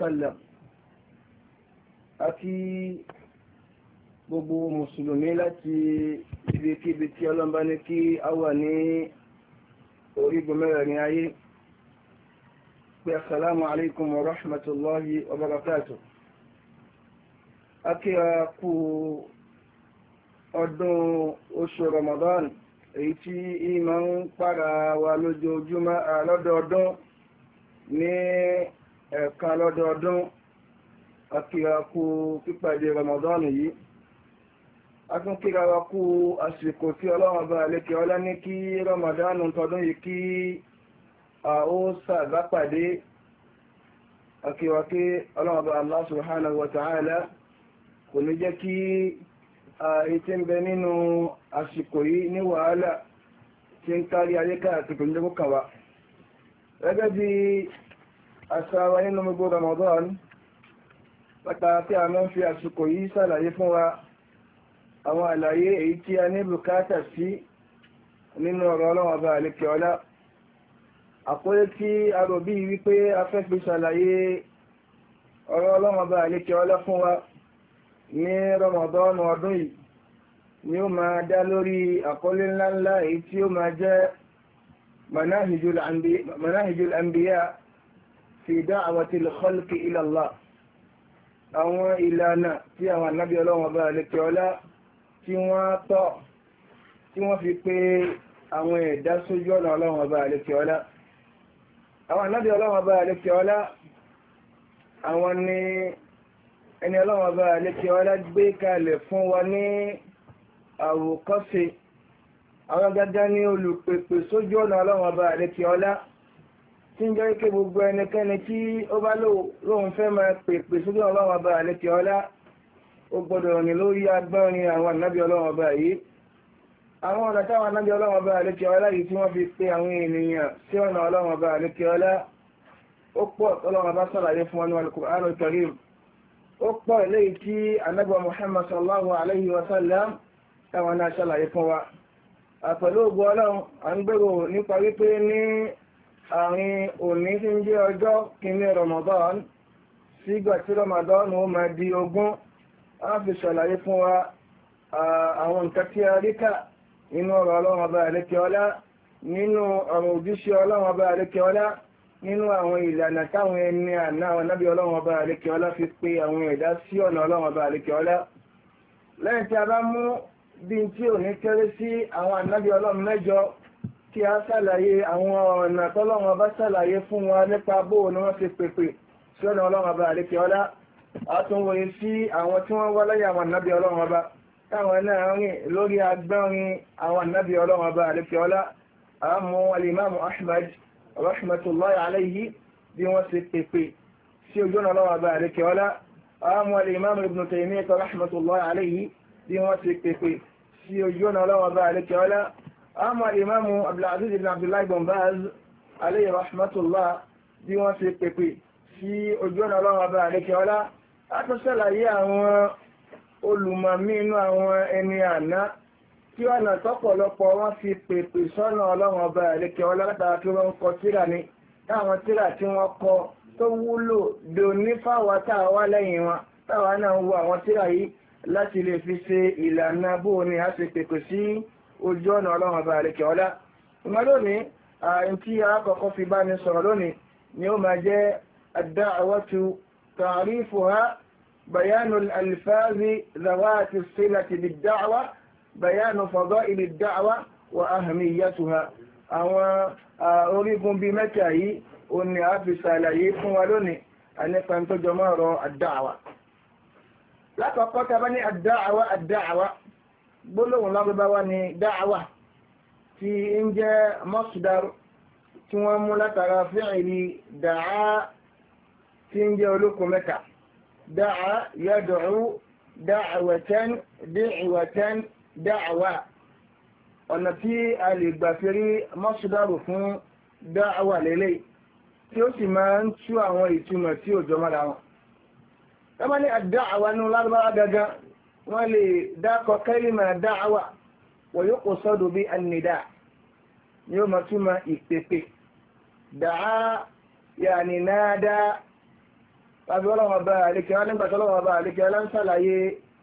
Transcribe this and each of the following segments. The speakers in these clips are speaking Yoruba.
wasallam àti gbogbo mùsùlùmí láti ibikíbi tí ọlọ́mbá ní kí a wà ní orígun mẹ́rẹ̀rin ayé pé assalamu alaikum wa rahmatullahi wa barakatuh àti àkú ọdún oṣù ramadan èyí tí ìmọ̀ ń para wa lójoojúmọ́ àlọ́dọọdún ní ẹ̀ẹ̀kan lọ́dọọdún akíra pípàdé Ramadan yìí a tún kíra wa kú àsìkò tí ọlọ́run bá lékè ọlá ní kí Ramadan tọdún yìí kí a ó sàgbápàdé akíra ọlọ́run bá Allah subhanahu wa ta'ala kò ní jẹ́ kí ètí ń bẹ nínú àsìkò yìí ní wàhálà tí ń kárí ayé káàkiri ní gẹ́gẹ́ àṣà wa nínú gbogbo Ramadan látara tí a máa ń fi àsìkò yìí ṣàlàyé fún wa àwọn àlàyé èyí tí a ní bùkátà sí nínú ọ̀rọ̀ ọlọ́wọ́ bá àlékè ọlá àkóyé tí a rò bí wípé a fẹ́ fi ṣàlàyé ọ̀rọ̀ ọlọ́wọ́ bá àlékè ọlá fún wa ní Ramadan ọdún yìí ni ó máa dá lórí àkọlé ńláńlá èyí tí ó máa jẹ́ manahijul anbiya fi da'watil khalqi ila Allah àwọn ìlànà tí àwọn ànábì ọlọ́wọ́n bá lè tẹ́ ọlá tí wọ́n tọ́ tí wọ́n fi pé àwọn ẹ̀dá sójú ọ̀nà ọlọ́wọ́n bá lè tẹ́ ọlá àwọn ànábì ọlọ́wọ́n bá lè tẹ́ ọlá àwọn ni ẹni ọlọ́wọ́n bá lè tẹ́ ọlá gbé kalẹ̀ fún wa ní àwòkọ́ṣe àwọn gẹ́gẹ́ ní olùpèpè sójú ọ̀nà ọlọ́wọ́n bá lè tẹ́ ọlá tí ń jẹ́ pé gbogbo ẹnikẹ́ni tí ó bá lóun fẹ́ máa pèpè sójú ọlọ́run ọba àlekè ọlá ó gbọ́dọ̀ rìn lórí agbọ́nrin àwọn ànábì ọlọ́run ọba yìí àwọn ọ̀nà táwọn ànábì ọlọ́run ọba àlekè ọlá yìí tí wọ́n fi pe àwọn ènìyàn sí ọ̀nà ọlọ́run ọba àlekè ọlá ó pọ̀ ọlọ́run ọba sàlàyé fún wọn Al-Qur'an ó pọ̀ Muhammad sallallahu alayhi wa sallam táwọn wa àpẹ̀lú ògbó ọlọ́run à àárín òní tí ń jẹ́ ọjọ́ kìíní Ramadan sígbà tí Ramadan ó máa di ogún á fi ṣàlàyé fún wa àwọn nǹkan tí a rí kà nínú ọ̀rọ̀ ọlọ́run ọba àlékẹ́ ọlá nínú ọ̀rọ̀ òjíṣẹ́ ọlọ́run ọba àlékẹ́ ọlá nínú àwọn ìlànà táwọn ẹni àná àwọn nábì ọlọ́run ọba àlékẹ́ ọlá fi pe àwọn ẹ̀dá sí ọ̀nà ọlọ́run ọba àlékẹ́ ọlá lẹ́yìn tí a bá mú bí n tí ò kéré sí àwọn ànábì ọlọ́run mẹ́jọ kí a ṣàlàyé àwọn ọ̀nà tọ́lọ́wọ́n bá ṣàlàyé fún wa nípa bóò ni wọ́n ti pèpè sí ọ̀nà ọlọ́wọ́n bá àlékẹ́ ọlá àtúnwòye sí àwọn tí wọ́n wá lẹ́yìn àwọn ànábì ọlọ́wọ́n bá táwọn náà rìn lórí agbẹ́rin àwọn ànábì ọlọ́wọ́n bá àlékẹ́ ọlá àmú alimamu ahmad rahmatullahi alayhi bí wọ́n ti pèpè sí ojú ọ̀nà ọlọ́wọ́n bá àlékẹ́ ọlá àmú alimamu ibn taymiyyah rahmatullahi alayhi bí wọ́n ti pèpè sí ojú ọ̀nà ọlọ́wọ́n bá àlékẹ́ ọlá àmọ́ ìmáàmù abdulaziz ibn abdullahi bombaz alayhi rahmatullah bí wọ́n ṣe pèpè sí ojú ọ̀nà ọlọ́run ọba àríkẹ́ọ́lá látọ́sẹ̀láyé àwọn olùmọ̀mí inú àwọn ẹni àná tí ọ̀nà tọ́pọ̀lọpọ̀ wọ́n fi pèpè sọ́nà ọlọ́run ọba àríkẹ́ọ́lá látara tí wọ́n kọ tíra ni táwọn tíra tí wọ́n kọ tó wúlò dòní fáwa táwa lẹ́yìn wọn táwa náà wo àwọn tíra yìí láti lè fi ṣe ìlànà bóun ni a ṣe pèpè sí ojú ọ̀nà ọlọ́run ọba àríkẹ́ ọlá ìmọ̀ lónìí ààrin tí akọ̀kọ́ fi bá ní sọ̀rọ̀ lónìí ni ó máa jẹ́ ad-da'watu ta'rifuha bayanu al-alfazi zawati silati bid-da'wa bayanu fada'il ad-da'wa wa ahamiyatuha àwọn orígun bíi mẹ́ta yìí ó ní a fi ṣàlàyé fún wa lónìí nípa tó jọmọ́ ọ̀rọ̀ ad-da'wa lákọ̀ọ́kọ́ ta bá ní ad-da'wa ad-da'wa gbólóhùn lágbébáwá ni dáàwà tí ń jẹ́ mọ́sùdárù tí wọ́n mú látara fíìlì dáà tí ń jẹ́ olókùn mẹ́ta dáà yad'u dáàwẹ̀tẹ́n díìwẹ̀tẹ́n dáàwà ọ̀nà tí a lè gbà fi rí mọ́sùdárù fún dáàwà lélẹ̀ tí ó sì máa ń tú àwọn ìtumọ̀ tí ò jọmọ́ra wọn. Tọ́mọ́ ní àdáàwà nú lárúbáwá gangan wọ́n lè dákọ̀ kẹ́lìmà dáhàwà wọ́n yóò kó sọ́dọ̀ bí ànìdá ni ó máa túmọ̀ ìpèpè dàá yàní náàdá tàbí ọlọ́wọ́ bá àlékè wọn nígbà tí ọlọ́wọ́ bá àlékè ọlá ń ṣàlàyé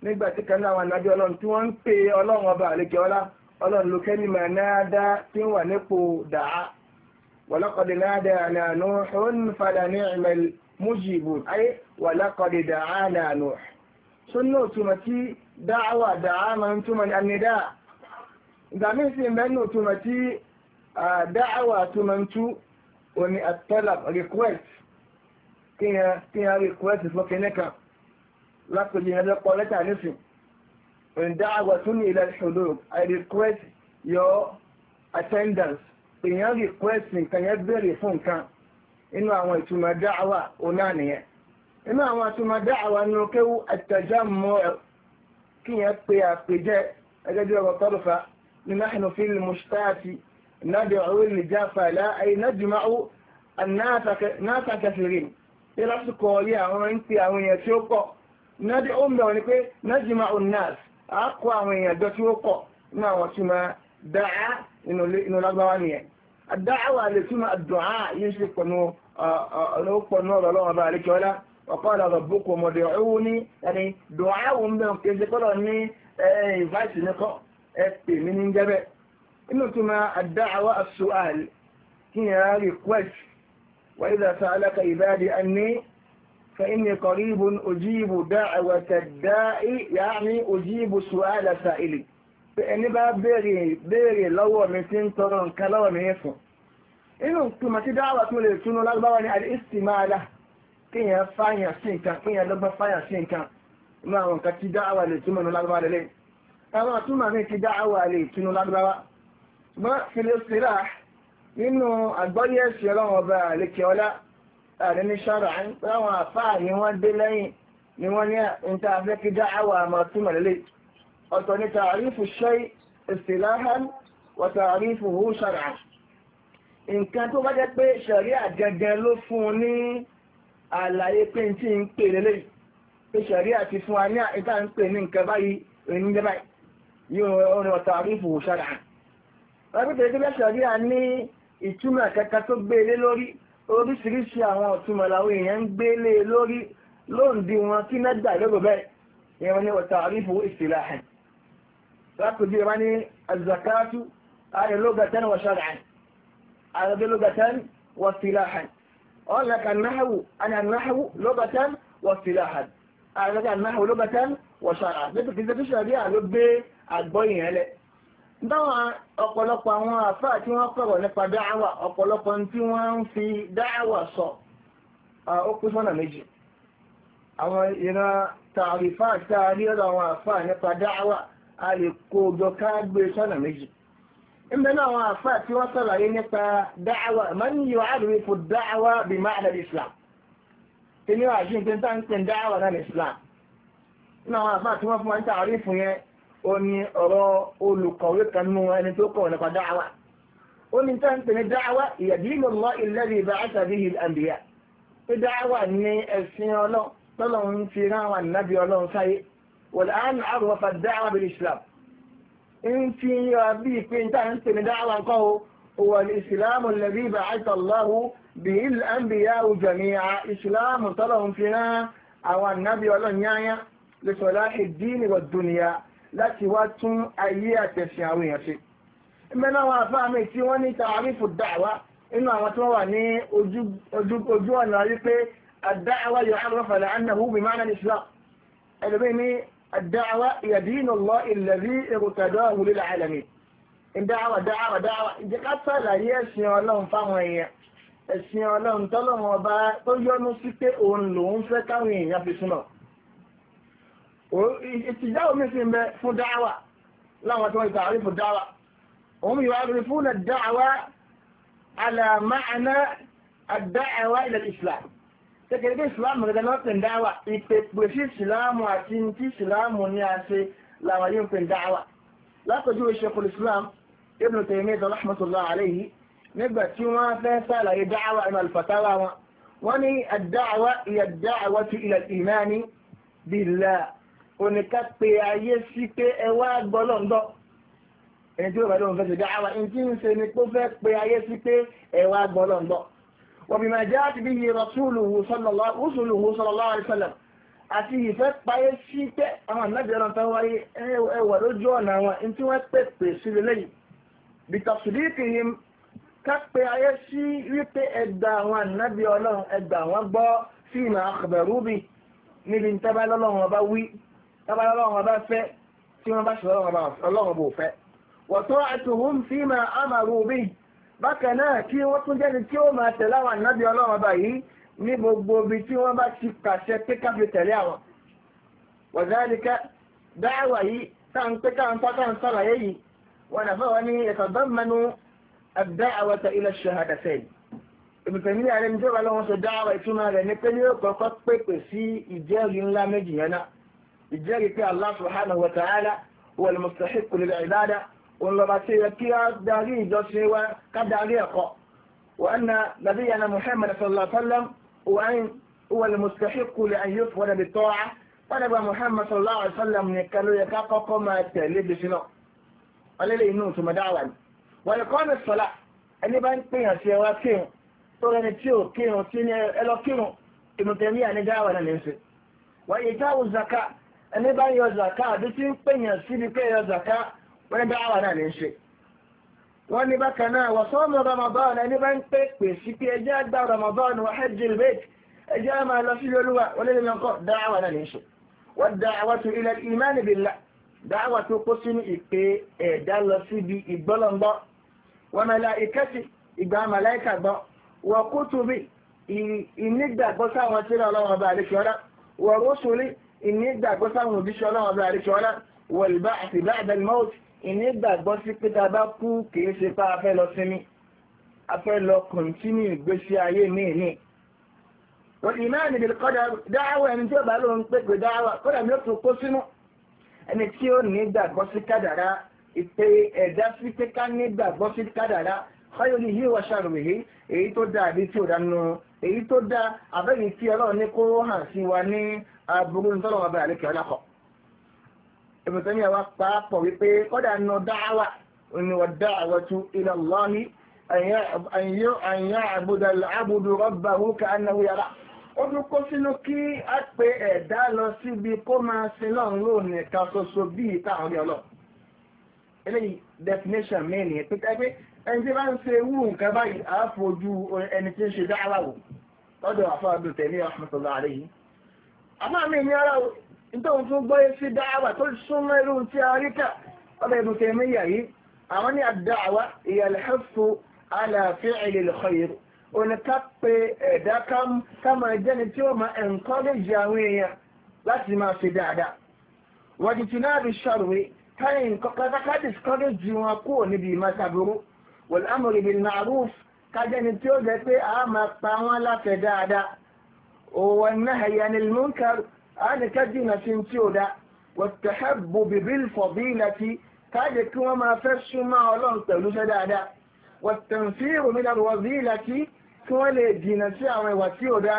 nígbà tí kan náà àwọn ànájọ́ ọlọ́run tí wọ́n ń pe ọlọ́wọ́ bá àlékè ọlá ọlọ́run ló kẹ́lìmà náàdá tí ń wà nípò dàá ولقد نادانا نوح فلنعم المجيبون أي ولقد دعانا نوح súnà túmọ̀ tí dáàwà dáa máa ń túmọ̀ ní ànídá ìgbà míì sì mẹ́nu túmọ̀ tí dáàwà túmọ̀ ń tú òní at-talab request kí a request fún kẹ́nẹ́kan lápèjì yẹn lọ́pọ̀ lẹ́tà nísìn ìdáàwà tún ní ila al-hudud I request your attendance èèyàn request nǹkan yẹn bẹ̀rẹ̀ fún nǹkan inú àwọn ìtumọ̀ dáàwà onáà nìyẹn inú àwọn atúmọ̀dá àwọn inú kéwú àtàjámọ́ kí yẹn pé àpèjẹ ẹgẹ́ bí ọ̀rọ̀ tọ́lùfà ní náà fi lè mùsítáàtì nádìí ọ̀rọ̀ lè já fàlà àyè nájùmáwó náàtàkẹfìrì ní lásìkò orí àwọn ń pe àwọn èèyàn tí ó pọ̀ nádìí ó ń bẹ̀rù ni pé nájùmáwó náà á kó àwọn èèyàn jọ tí ó pọ̀ inú àwọn tí máa dáa inú lágbáwá nìyẹn àdáwà lè túmọ̀ àdùn á yìí ṣe pọ̀ nù ọ̀rọ̀ pọ̀ nù ọ̀rọ̀ lọ́wọ́ bá àríkẹ́ ọlá وقال ربكم ادعوني يعني دعاء إيه، إيه، من كنز قرني اي فاش نقو اف من انجب تما الدعوه السؤال هي ريكوست واذا سالك عبادي اني فاني قريب اجيب دعوه الداء يعني اجيب سؤال سائلي فاني بابري بيري لو من سنتر كلام هيفو تما تدعوا تقول تنو لا بقى يعني الاستماع له kíyàn fáyàn sí nǹkan kíyàn lọ́gbọ́n fáyàn sí nǹkan inú àwọn nǹkan tí dáhàwà lè túmọ̀ nù lágbára lélẹ̀ àwọn àtúmọ̀ mi ti dáhàwà lè túnú lágbára ṣùgbọ́n filistira nínú àgbọ́yé ẹ̀sìn ọlọ́run ọba àlekè ọlá àdéní ṣọ́ra àwọn àfáà ni wọ́n dé lẹ́yìn ni wọ́n ní níta fẹ́ kí dáhàwà máa túmọ̀ lélẹ̀ ọ̀tọ̀ ni tàrífù ṣe ìsìláhán wa tàrífù hù nǹkan tó bá jẹ́ pé ṣẹ̀ríà gangan ló fún un ní àlàyé pé n tí ń pè lélẹ̀ pé ṣẹ̀rí àti fún wa ní àìta ń pè ní nǹkan báyìí èyí jẹ́ báyìí yóò rọrùn ọ̀tà àrífò ṣára rẹpítẹ̀ tó bẹ́ ṣẹ̀rí à ní ìtumọ̀ kankan tó gbé lé lórí oríṣiríṣi àwọn ọ̀túnmọ̀ làwọn èèyàn ń gbé lé lórí lóǹdí wọn kí náà lọ́gbọ̀ bẹ́ẹ̀ ìwọ̀n ni ọ̀tà àrífò ìṣẹ̀lẹ̀ àhàn lápòjú ìwá ní azakatu ayọ̀ قال لك النحو أنا النحو لغة واصطلاحا أنا لك النحو لغة وشرعا níbi kìí ṣe ṣàríà ló gbé àgbọ́yìn ẹlẹ̀ dáwọn ọ̀pọ̀lọpọ̀ àwọn àfáà tí wọ́n kọ̀rọ̀ fi dáhàwà so ó kú sọ́nà méjì àwọn ìran tààrífà tààrí ọ̀rọ̀ àwọn àfáà a lè إننا وفاتي وصل علينا دعوة من يعرف الدعوة بمعنى الإسلام إننا وعجين تنسان كن دعوة عن الإسلام إننا وفاتي وفاتي وانت عارفني أني أرى أولو قوي كنمو أني توقعنا فدعوة أني تنسان كن دعوة يدين الله الذي بعث به الأنبياء دعوة أني أسنى الله طلعون فينا والنبي الله سيء والآن عرف الدعوة بالإسلام انتي يا ابي كنت انت ندعوا القه هو الاسلام الذي بعث الله به الانبياء جميعا اسلام طلهم فينا او النبي ولا نيايا لصلاح الدين والدنيا لا سوات ايات تشاوي يا من هو فاهمي تي وني تعريف الدعوه انه ما تو واني اوجو اوجو اوجو انا الدعوه يعرف لانه بمعنى الاسلام اللي بيني الدعوة هي دين الله الذي ارتداه للعالمين الدعوة دعوة دعوة جكات فلا يسني الله فهمي يسني الله تلهم وبا تجون سكت أون لون فكاني يا بسنا ويتجاو مثل ما في دعوة لا ما تقول تعرف الدعوة هم يعرفون الدعوة على معنى الدعوة إلى الإسلام kékeré bí ìsìláàmù gẹ́gẹ́ náà pè ń dáwà ìpèpè sí ìsìláàmù àti tí ìsìláàmù ní a ṣe làwọn yóò pè ń dáwà látọjú ìṣẹ́kùn islam ibn Taymiyyah rahmatullah alayhi nígbà tí wọ́n fẹ́ sàlàyé dáwà inú alfatawa wọn wọ́n ní àdáwà ìyà dáwà ti ila al-imani oníkà pé ayé sí pé ẹ wá gbọ́lọ̀ ń dọ́ ẹni tí ó bá dọ́ وبما جاءت به رسوله صلى الله رسله صلى عليه وسلم àti ìfẹ́ payé sí pé àwọn ànábìrán tó wáyé ẹwà lójú ọ̀nà àwọn ẹni tí wọ́n pèpè sí lélẹ́yìn bìtàsídìkì yìí ká pé ayé sí wípé ẹgbà àwọn ànábì ọlọ́run ẹgbà àwọn gbọ́ sí ìmọ̀ àkàbẹ̀rúbì níbi tábà lọ́lọ́run ọba wí tábà lọ́lọ́run ọba fẹ́ tí wọ́n bá ṣe lọ́lọ́run ọba ọlọ́run bò fẹ́ wọ́tọ́ àtúhùn sí ìmọ̀ àmàrúbì bákan náà kí wọ́n tún jẹ́ni tí ó máa tẹ̀lé àwọn ànábì ọlọ́run ọba yìí ní gbogbo ibi tí wọ́n bá ti pàṣẹ pé káfí tẹ̀lé àwọn. wọ̀dáríkà dáhàwá yìí táà ń pé káà ń fọ́ káà ń sọ̀rọ̀ yìí wọn àfọwọ́ ní ìtàdánmanu àdáhàwọ̀tà ilẹ̀ ṣahadàtẹ́ ìbùsùnmí ààrẹ ní ìjọba lọ́wọ́ dáwà ìtumọ̀ ìtumọ̀ rẹ̀ ní pé ní ó kọ́kọ́ pèpè sí ìjẹ́rìí ńlá méjì yẹn náà ìjẹ́rìí pé Allah subhanahu wa ta'ala wal mustahiq lil ibada òun lọ́ba tí yẹ kí á darí ìjọsìn wa ká darí ẹ̀kọ́ وأن نبينا محمد صلى الله عليه وسلم هو المستحق لأن يفعل بالطاعة ونبى محمد صلى الله عليه وسلم نكالو يكاكو كما تهلي بسنو قال لي إنه ثم دعوة ويقام الصلاة ẹni bá ń pèèyàn sí ẹwà kírun tó rẹni tí ò kírun sí ní ẹlọ kírun ìmùtẹ̀mí ànídáwà náà lẹ́sẹ̀ wọ́n yìí táwọn zaka ẹni bá ń yọ zaka àbí tí ń pèèyàn síbi pé yọ zaka wọ́n ní dáhàwà náà ní í ṣe wọ́n ní bákan náà wọ́n sọ́mù Ramadan ẹni bá ń pè pè sí pé ẹjẹ́ àgbà Ramadan wọ́n hajjil bait ẹjẹ́ àmà lọ sí olúwa wọ́n lè lọ́kọ́ dáhàwà náà ní í ṣe wọ́n dáhàwà tó ilẹ̀ ìmánì billah dáhàwà tó kó sínú ìpè ẹ̀dá lọ síbi ìgbọ́lọ́ngbọ́ wọ́n mẹ́la ìkẹ́sì ìgbà màláìkà gbọ́ wọ́n kútùbí ìnígbàgbọ́ sáwọn tí ọlọ́run ọba àríkíọ́lá wọ́n rúṣùlí ìnígbàgbọ́ sí pé tá a bá kú kìí ṣe pé a fẹ́ lọ sinmi a fẹ́ lọ kọ̀ntínú ìgbésí ayé míì ní. ìmáà nìbìlì kọ́dà dáhàwó ẹni tí ó bá lóun pé pé dáhàwó kọ́dà ni ó tún kó sínú ẹni tí ó nígbàgbọ́ sí kádàrá ìpè ẹ̀dá sí pé ká nígbàgbọ́ sí kádàrá fáyọlì yìí wà ṣàròyé èyí tó dáa àbí tí ò dá nù èyí tó dáa àbẹ́yìí tí ọlọ́run ní kó hàn sí wa ní aburú ntọ́lọ́wọ́ abẹ́ Ibn Taymiyyah wá pàápọ̀ wípé kọ́dà nù dáhàwà ni wà dáhàwà tu ila Allah an ya'buda al-'abdu rabbahu ka'annahu yarah. Ó tún kó sínú kí á pe ẹ̀dá lọ síbi kó máa sin náà ló nìkan ṣoṣo bí ìtàwọn ọlọ́. nítorí tún gbọ́ sí dáàwà tó súnmọ́ irú tí a rí kà ọ̀dọ̀ Ibn Taymiyyah yìí àwọn ní àdáàwà ìyàlẹ́fù ala fi'li al-khayr oníkápẹ́ ẹ̀dá kámọ̀ jẹ́ni tí ó máa encourage àwọn èèyàn láti máa ṣe dáadáa wọ́n ti tún náà bí sọ̀rọ̀ káyìn kọ́kọ́ discourage wọn kúrò níbi ìmọ̀tàbúrú wal amri bil ma'ruf kájẹ́ni tí ó jẹ́ pé a máa pa wọ́n láfẹ̀ dáadáa òwò náà yẹn ni munkar àánì ká jìnà sí tí ó dá wọ̀tẹ̀hẹ́bù bìbìl fọ̀bílàtì káàdì kí wọ́n máa fẹ́ súnmọ́ ọlọ́run pẹ̀lú iṣẹ́ dáadáa wọ̀tẹ̀ǹfìrù mi dàbí wọ̀bílàtì kí wọ́n lè jìnà sí àwọn ìwà tí ó dá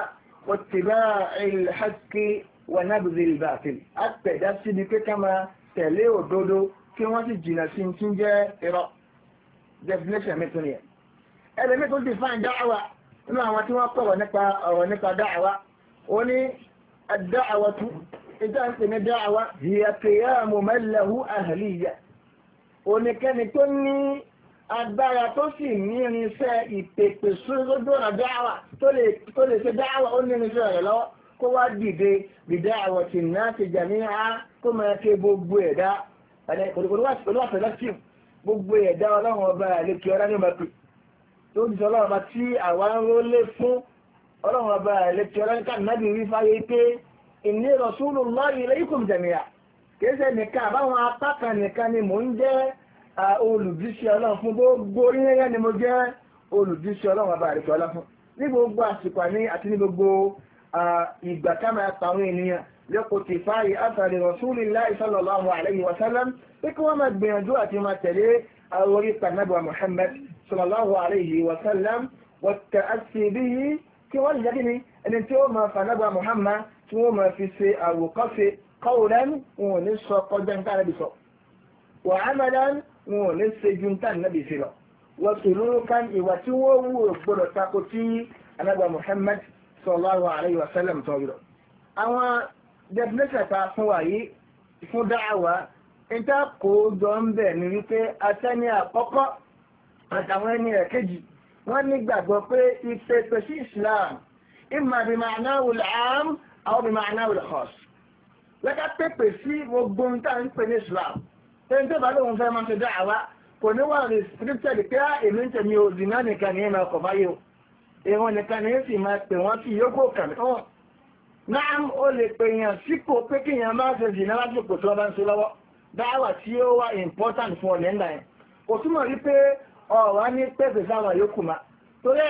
wọ̀tẹ̀bá ìlhàkì wọ̀nàbìlì bàtìl àtẹ̀dá síbi pé ká máa tẹ̀lé òdodo kí wọ́n sì jìnà sí tí ń jẹ́ irọ́ definition mi tún yẹn ẹlẹ́mi tún ti fáìn dáhàwá nínú àwọn tí wọ́n nípa ọ̀rọ̀ nípa dáhàwá ó ní الدعوة إذا أنت دعوة هي قيام من له أهلية onikẹ́ni tó ní agbára tó sì ní irinṣẹ́ ìpèpè sódòdòrà dáhàwà tó lè ṣe dáhàwà ó ní irinṣẹ́ rẹ̀ lọ́wọ́ kó wá dìde dìde àwọ̀ tì náà ti jà ní á kó máa ké gbogbo ẹ̀dá olúwàfẹ́lẹ́sìn gbogbo ẹ̀dá ọlọ́run ọba àlekè ọlá ní ọba pè tó ti sọ ọlọ́run ọba tí àwa ń rólé fún ọlọ́run ọba ẹ̀lẹ́tì ọlọ́nìkà nàbì rí fáyé pé inni rasulullahi ilaykum jami'a kìí ṣe nìkan àbáwọn apá kan nìkan ni mò ń jẹ́ olùdíṣẹ́ ọlọ́run fún gbogbo oríyẹ́yẹ́ ni mo jẹ́ olùdíṣẹ́ ọlọ́run ọba ẹ̀lẹ́tì ọlọ́run fún ní gbogbo àsìkò àní àti ní gbogbo ìgbà kámẹ́ àtàwọn ènìyàn lẹ́kọ̀ọ́ ti fáyé àtàrí rasulillahi sallallahu alayhi wa sallam pé kí wọ́n jẹ́ kí ni ẹni tí ó mọ fanagba Muhammad tí wọ́n mọ fi ṣe àwòkọ́ṣe kọ́wùrán wọn ò ní sọ kọjá nǹkan ànábì sọ wà ámàdán wọn ò ní ṣe ju nǹkan ànábì sí lọ wọ́n sì ló kan ìwà tí wọ́n wù ó tako tí anagba Muhammad sallallahu alayhi wa tó yọ. àwọn definition ta fún wa yìí fún dáhàwá níta kó jọ ń bẹ̀ ní wípé atẹ́ni àkọ́kọ́ àtàwọn ẹni ẹ̀kejì wọ́n nígbàgbọ́ pé ìpèpè sí Islam ìmọ̀ bí màá náà wùlà ám àwọn bí màá náà wùlà hàs lẹ́ka pèpè sí gbogbo ń tà ń pè ní Islam ẹni tó bá lóun fẹ́ máa ṣe dá àwa kò ní wà restricted pé ah, èmi ń tẹ̀mí òdì náà nìkan ní ìmọ̀ ọkọ̀ báyìí o ìwọ̀n nìkan ní sì máa pè wọ́n sí yókò kàmí hàn náà ó lè pè yàn sípò pé kí yàn máa ṣe jìnnà lásìkò tí wọ́n bá ń ṣe lọ́wọ́ dáwà tí ó wà important fún ọ̀lẹ́ńdà ọ̀wá ní pẹ̀pẹ̀ sáwọn yòókù ma torí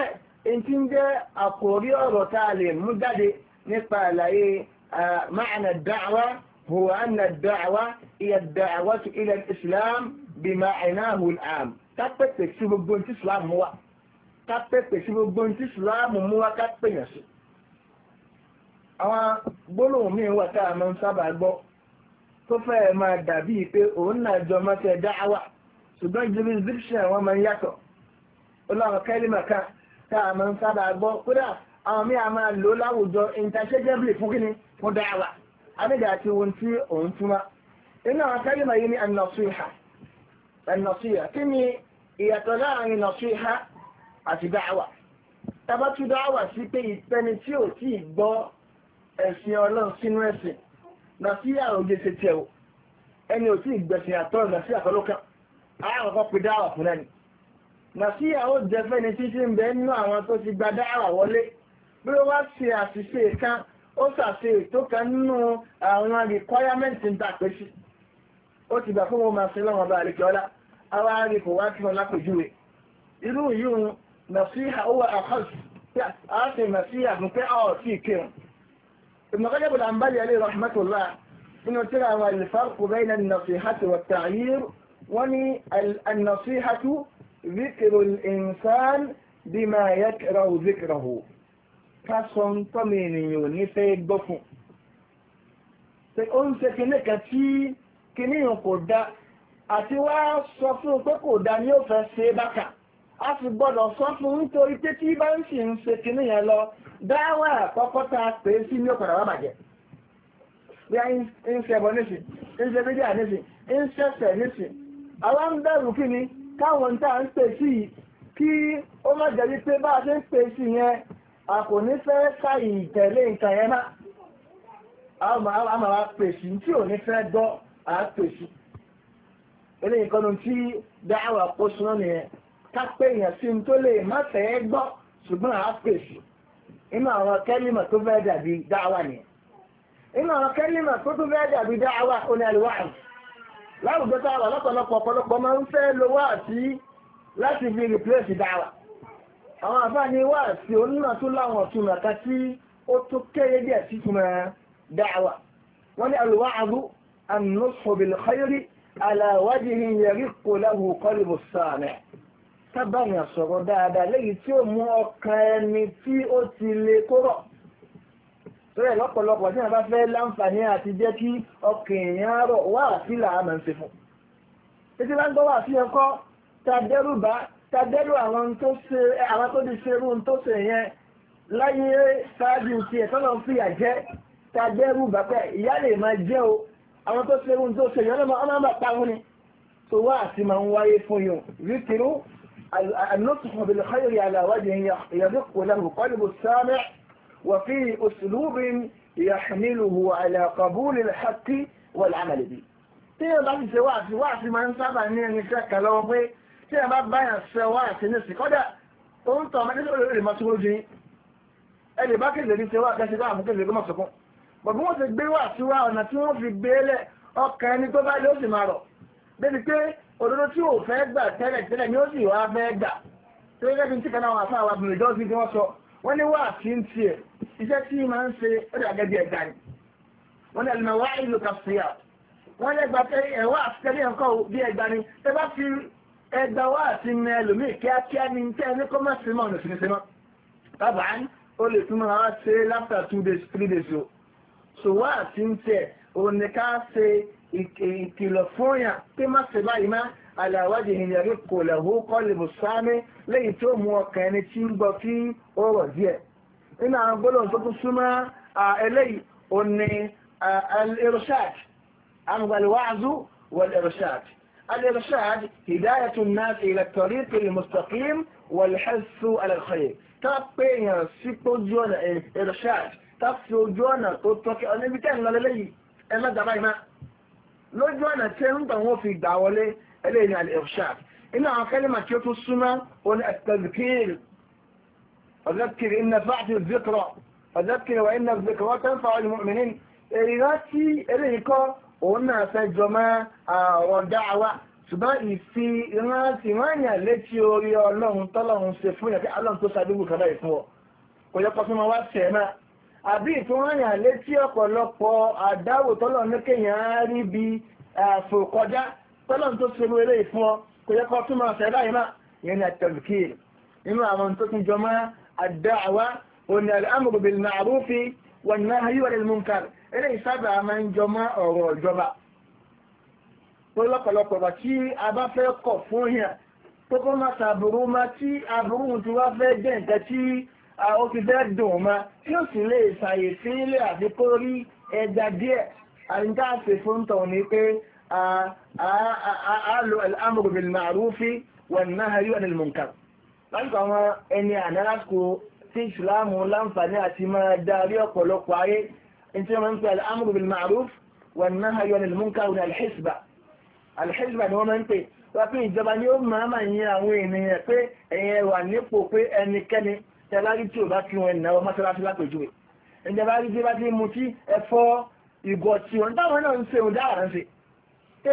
èyí tí ń jẹ́ àkòrí ọ̀rọ̀ tá a lè mú jáde nípa àlàyé máàna dáàwá هو أن الدعوة هي الدعوة إلى الإسلام بمعناه العام kápẹ́pẹ́ sí gbogbo ní islam mú wa kápẹ́pẹ́ sí gbogbo ní islam mú wa kápẹ́ yẹn sí. àwọn gbólóhùn míì wà tá a máa ń sábà gbọ́ tó fẹ́ẹ́ máa dàbí pé òun náà jọ máa fẹ́ dáhàwá ṣùgbọ́n jurisdiction wọn máa ń yàtọ̀ ó láwọn kẹ́límà kan tá a máa ń sábà gbọ́ kódà àwọn míì a máa lò láwùjọ interchangeably fún kíni fún dáàwà amídà àti ohun tí òun túmọ̀ nínú àwọn kẹ́límà yìí ni an-nasiha kí ni ìyàtọ̀ láàrin nasiha àti dáàwà tabatu dáàwà sí pé ìpẹni tí ò tí ì gbọ́ ẹ̀sìn ọlọ́run sínú ẹ̀sìn nasiha òjèṣe tiẹ̀ ẹni ò tí ì gbẹ̀sìn àtọ́ nasiha àtọ́lọ́kàn àwọn kan pe dáwà fún lẹ́nu nàṣíyà ó jẹ fẹ́ni títí ń bẹ nínú àwọn tó ti gba dáwà wọlé bí ó wá ṣe àṣìṣe kan ó ṣàṣe ètò kan nínú àwọn requirement ń tà pé sí ó ti gbà fún wọn máa ṣe lọ́wọ́ ọba àlejò ọlá àwọn arìkò wá tí wọn lápèjúwe irú yìí nàṣíyà ó wà àkọsù a ṣe nàṣíyà fún pé ọ̀ sí ìkéwọn ìmọ̀kọ́jọ́ bọ̀dà ń bá wọ́n ní an-nasihatu zikru al-insan bima yakrahu zikrahu ká sọ ń tọ́mì ènìyàn nífẹ̀ẹ́ gbọ́ fún pé ó ń ṣe kinní kan tí kinní yàn kò da àti wá sọ fún un pé kò da ni ó fẹ́ ṣe bákà a sì gbọ́dọ̀ sọ fún un nítorí pé tí bá ń sì ń ṣe kinní yẹn lọ dáwà àkọ́kọ́ tá a pè é sí ní òkàdà wà bàjẹ́ bí a ń ṣe ẹbọ nísìn ń ṣe bíjà nísìn ń ṣẹ̀ṣẹ̀ nísìn àwa bẹ̀rù kí ni káwọn tá ń pè sí kí ó má jẹ́ wípé bá a ṣe ń pè sí yẹn a kò ní fẹ́ ká ìtẹ̀lé nǹkan yẹn má a máa pè sí tí ò ní fẹ́ gbọ́ à pè sí eléyìí kọ́nu tí dáhàwà kó súná nìyẹn ká pé èèyàn sí tó lè má fẹ́ gbọ́ ṣùgbọ́n à pè sí láwùjọ táwà lọ́pọ̀lọpọ̀ ọ̀pọ̀lọpọ̀ máa ń fẹ́ lo wá àti láti fi replace dáwà àwọn àfáàní wá àti onínà tó láwọn ọ̀túnmọ̀ ká sí ó tó kéré díẹ̀ sí túnmọ̀ dáwà wọ́n ní alùwáàdú ànúṣọ̀bìlì kọ́yírí aláwádìí yẹrí kò láwù kọ́lì mùsàmẹ́ rẹ̀ lọ́pọ̀lọpọ̀ tí wọ́n bá fẹ́ láǹfààní àti jẹ́ kí ọkẹ̀yàn rọ̀ wà sí làámà ń ṣe fún. títí bá ń gbọ́ wà sí ẹ̀kọ́ ta dẹ́rù bá ta dẹ́rù àwọn tó ṣe àwọn tó ṣe irú tó ṣe ọmọ bá ni. tó wá àti máa ń wáyé fún yòó ríkìrú النطق بالخير على وجه يدق له قلب السامع وفي أسلوب يحمله على قبول الحق والعمل به tí ẹ bá ti ṣe wáàsí wáàsí máa ń sábà ní ẹni iṣẹ́ kan lọ́wọ́ pé tí ẹ bá báyàn ṣe wáàsí ní sí kọ́dà ó ń tọ́ ọmọdé lórí rẹ̀ mọ́tò lójú yín ẹ lè bá kéde ní ṣe wáàsí ẹṣin báwọn kéde lórí mọ́tò kún bọ̀dún wọ́n ti gbé wáàsí wá ọ̀nà tí wọ́n fi gbé lẹ̀ ọkàn ẹni tó bá lé ó sì máa rọ̀ débi pé òdodo tí ò fẹ́ gbà tẹ́lẹ̀ tẹ́lẹ̀ ni ó sì wá fẹ́ gbà wọ́n ní wá àti ń tiẹ̀ iṣẹ́ tí máa ń ṣe ó dàgẹ́ bí ẹ̀dá ni wọ́n ní ẹ̀lùmọ̀ wá ìlú kàfíà wọ́n ní ẹgbà tẹ́ ẹ̀wọ́ àtẹ́lẹ̀ nǹkan bí ẹ̀dá ni tẹ́ bá fi ẹgbà wá àti ní ẹlòmíì kíákíá ni tẹ́ ẹni kọ́ má sí mọ́ ọ̀nà sí ní sẹ́mọ́ bàbá ó lè tún máa ṣe láfíà two days three days o so wá àti ń tiẹ̀ òun ní ká ṣe ìkìlọ̀ fún yàn pé má ṣe báyìí má على وجه يرق له قلب السامع لي تو مو كان تشين بكي او وزيه ان ان بولون تو سما آه، الي ان آه، الارشاد ان الوعظ والارشاد الارشاد هداية الناس الى الطريق المستقيم والحث على الخير تابين سيكوجون إيه، ارشاد تابسوجون تو توكي ان بيتن لا لي اما دابا ما لوجونا تن تن هو في داوله eléyìí ni al-irshad inú àwọn kẹ́lẹ́mà tí ó tún súnmọ́ ó ní at-tadhkir ọ̀dọ́kiri iná fáàtì zikra ọ̀dọ́kiri wà iná zikra wọ́n tẹ́ ń fa ọ̀lù mọ̀mìnín èrìrá tí eléyìí kọ́ òun náà fẹ́ jọ mọ́ àwọn dáhàwá ṣùgbọ́n ìfi ìrántí ìrànyà létí orí ọlọ́run tọ́lọ́run ṣe fún ìyàtí ọlọ́run tó ṣàdúgbò kan báyìí ọ kò yẹ kó wọn wá tẹ̀ náà àbí ìfúnrànyà létí ọ̀pọ̀lọpọ̀ àdáwò tọ́lọ́run kéèyàn rí bí àfòkọjá tọ́lọ́n tó ṣe eré ìfún ọ kò yẹ kọ́ túnmọ̀ ọ̀sẹ̀ báyìí náà yẹn ni àtẹ̀lùkìrì nínú àwọn tó tún jọ mọ́ àdáwà òní al-amru bil ma'rufi wan nahyi 'anil munkar eré ìsábà máa ń jọ mọ́ ọ̀rọ̀ ìjọba tó lọ́pọ̀lọpọ̀ bá tí a bá fẹ́ kọ̀ fún yàn tó kọ́ máa sàbùrù ma tí àbúrú tí wá fẹ́ jẹ́ nǹkan tí ó fi fẹ́ dùn ma tí ó sì lè ṣàyè sílẹ̀ àfikórí ẹja díẹ̀ àríńtà àṣẹ fóńtọ̀ ni pé àálò al'amuru bil ma'rufi wan nahyi anil munkar lásìkò àwọn ẹni ànárásìkò tí ìsìláàmù láǹfààní àti máa darí ọ̀pọ̀lọpọ̀ ayé in tí wọ́n ń pè al'amuru bil ma'ruf wan nahyi anil munkar ní alhizba alhizba ni wọ́n máa ń pè wọ́n pé ìjọba ni ó máa máa yin àwọn ènìyàn pé ẹ̀yẹn wà nípò pé ẹnikẹ́ni tẹ́lárí tí ò bá kí wọn ìnáwó mọ́sálásí lápèjúwe ìjọba rí bí bá ti mutí ẹ̀fọ́ ìgọ̀tí wọn táwọn náà ń ṣe òun dáhàrá ń ṣe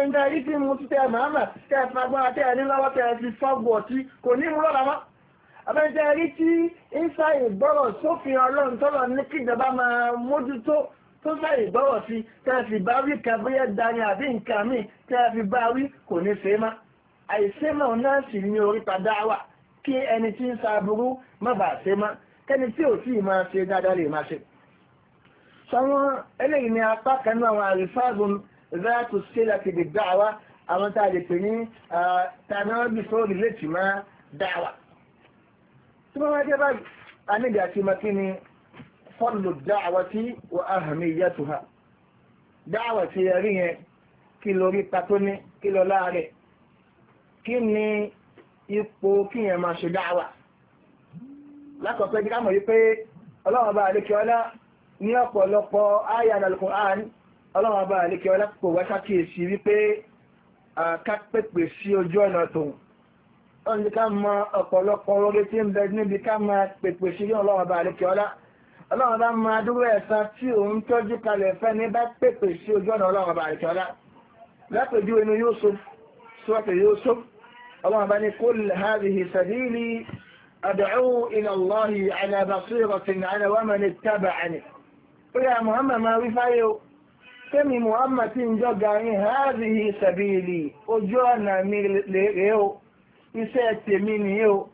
ẹ̀ǹda yìí tí mo ti tẹ màámà tẹ fagbọ́n àti ẹni lọ́wọ́ tẹ fi fọ́gbù ọtí kò ní mú lọ́la mọ́ abẹ́jẹ́ rí tí ń sáyè gbọ́rọ̀ sófin ọlọ́run tọ́lọ̀ ní kíjọba máa mójútó tó sáyè gbọ́rọ̀ sí tẹ fi bá wí kan bóyá dání àbí nǹkan míì tẹ fi bá wí kò ní ṣe má àìṣe náà náà sì ní orí padà wà kí ẹni tí ń sa aburú má bàa ṣe má kẹ́ni tí ò tí ì máa ṣe dáadáa lè máa ṣe. sọ wọn eléyìí ni apá kan náà àwọn záàtù sílẹ̀ ti di dáwà àwọn tá a lè pè ní tànáàbì sóòrì létí máa dáwà tí wọ́n máa jẹ́ báyìí a níbi àti makí ni fọ́lù dáwà tí wà áhàmì yàtù ha dáwà tí a rí yẹn kí ló rí pàtó ní kí ló láàrẹ kí ni ipò kí yẹn máa ṣe dáwà lákọ̀ọ́pẹ́ jí ká mọ̀ wípé ọlọ́run bá àlékè ọlá ní ọ̀pọ̀lọpọ̀ áyà ọlọ́run ọba àlékẹ́ ọlọ́pọ̀ wá ṣàkíyèsí wípé àkápẹ̀pẹ̀ sí ojú ọ̀nà tòun ọ̀n ní ká mọ ọ̀pọ̀lọpọ̀ orí tí ń bẹ níbi ká máa pèpè sí ọlọ́run ọba àlékẹ́ ọlá ọlọ́run ọba máa dúró ẹ̀san tí òun tọ́jú kalẹ̀ fẹ́ ní bá pèpè sí ojú ọ̀nà ọlọ́run ọba àlékẹ́ ọlá lápèjú inú Yusuf sọ́ọ̀tì Yusuf ọlọ́run ọba ní kul hadhihi sabili ad'u ila Allahi ala basiratin ana Kémi Muhammad ti ń jọ́ga ní Háàzìhì Sàbílì, ojú ọ̀nà mi rèé o, iṣẹ́ tèmi nìyẹn o.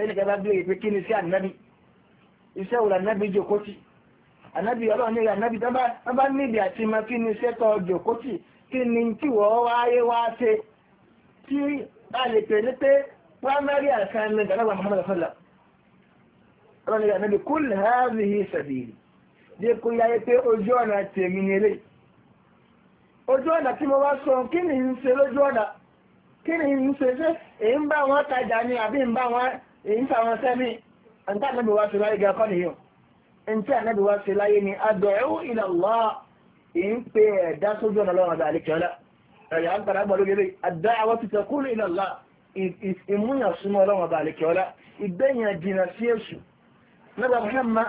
Ẹni kẹta bèèrè pé kí ni sí ànábì? Iṣẹ́ òun ànábì jòkótì. Ànábì ọlọ́run ní ànábì tó bá níbi àti máa kí ni iṣẹ́ tọ́ jòkótì, kí ni tí wọ́n wáyé wá ṣe tí a lè pè ní pé primary assignment alágbà Muhammad Sallam. Ọlọ́run ní ànábì kúl Háàzìhì Sàbílì. jẹ́ kó yáyé pé ojú ọ̀nà tèmi ni ojú ọ̀nà tí mo bá sọ kí ni ń ṣe lójú ọ̀nà kí ni ń ṣe ṣe èyí ń bá wọn tajà ni àbí ń bá wọn èyí ń fa wọn sẹ́mi nta wa ṣe láyé gakọ́ ṣe ni ila Allah èyí ń pe ẹ̀dá sójú ọ̀nà lọ́wọ́ àbẹ̀ àlekẹ́ọ́lá ẹ̀yà ń padà gbọ́dọ̀ gẹ́gẹ́ ad ila Allah ìmúyàn súnmọ́ ọlọ́wọ́ àbẹ̀ ìgbẹ́yìn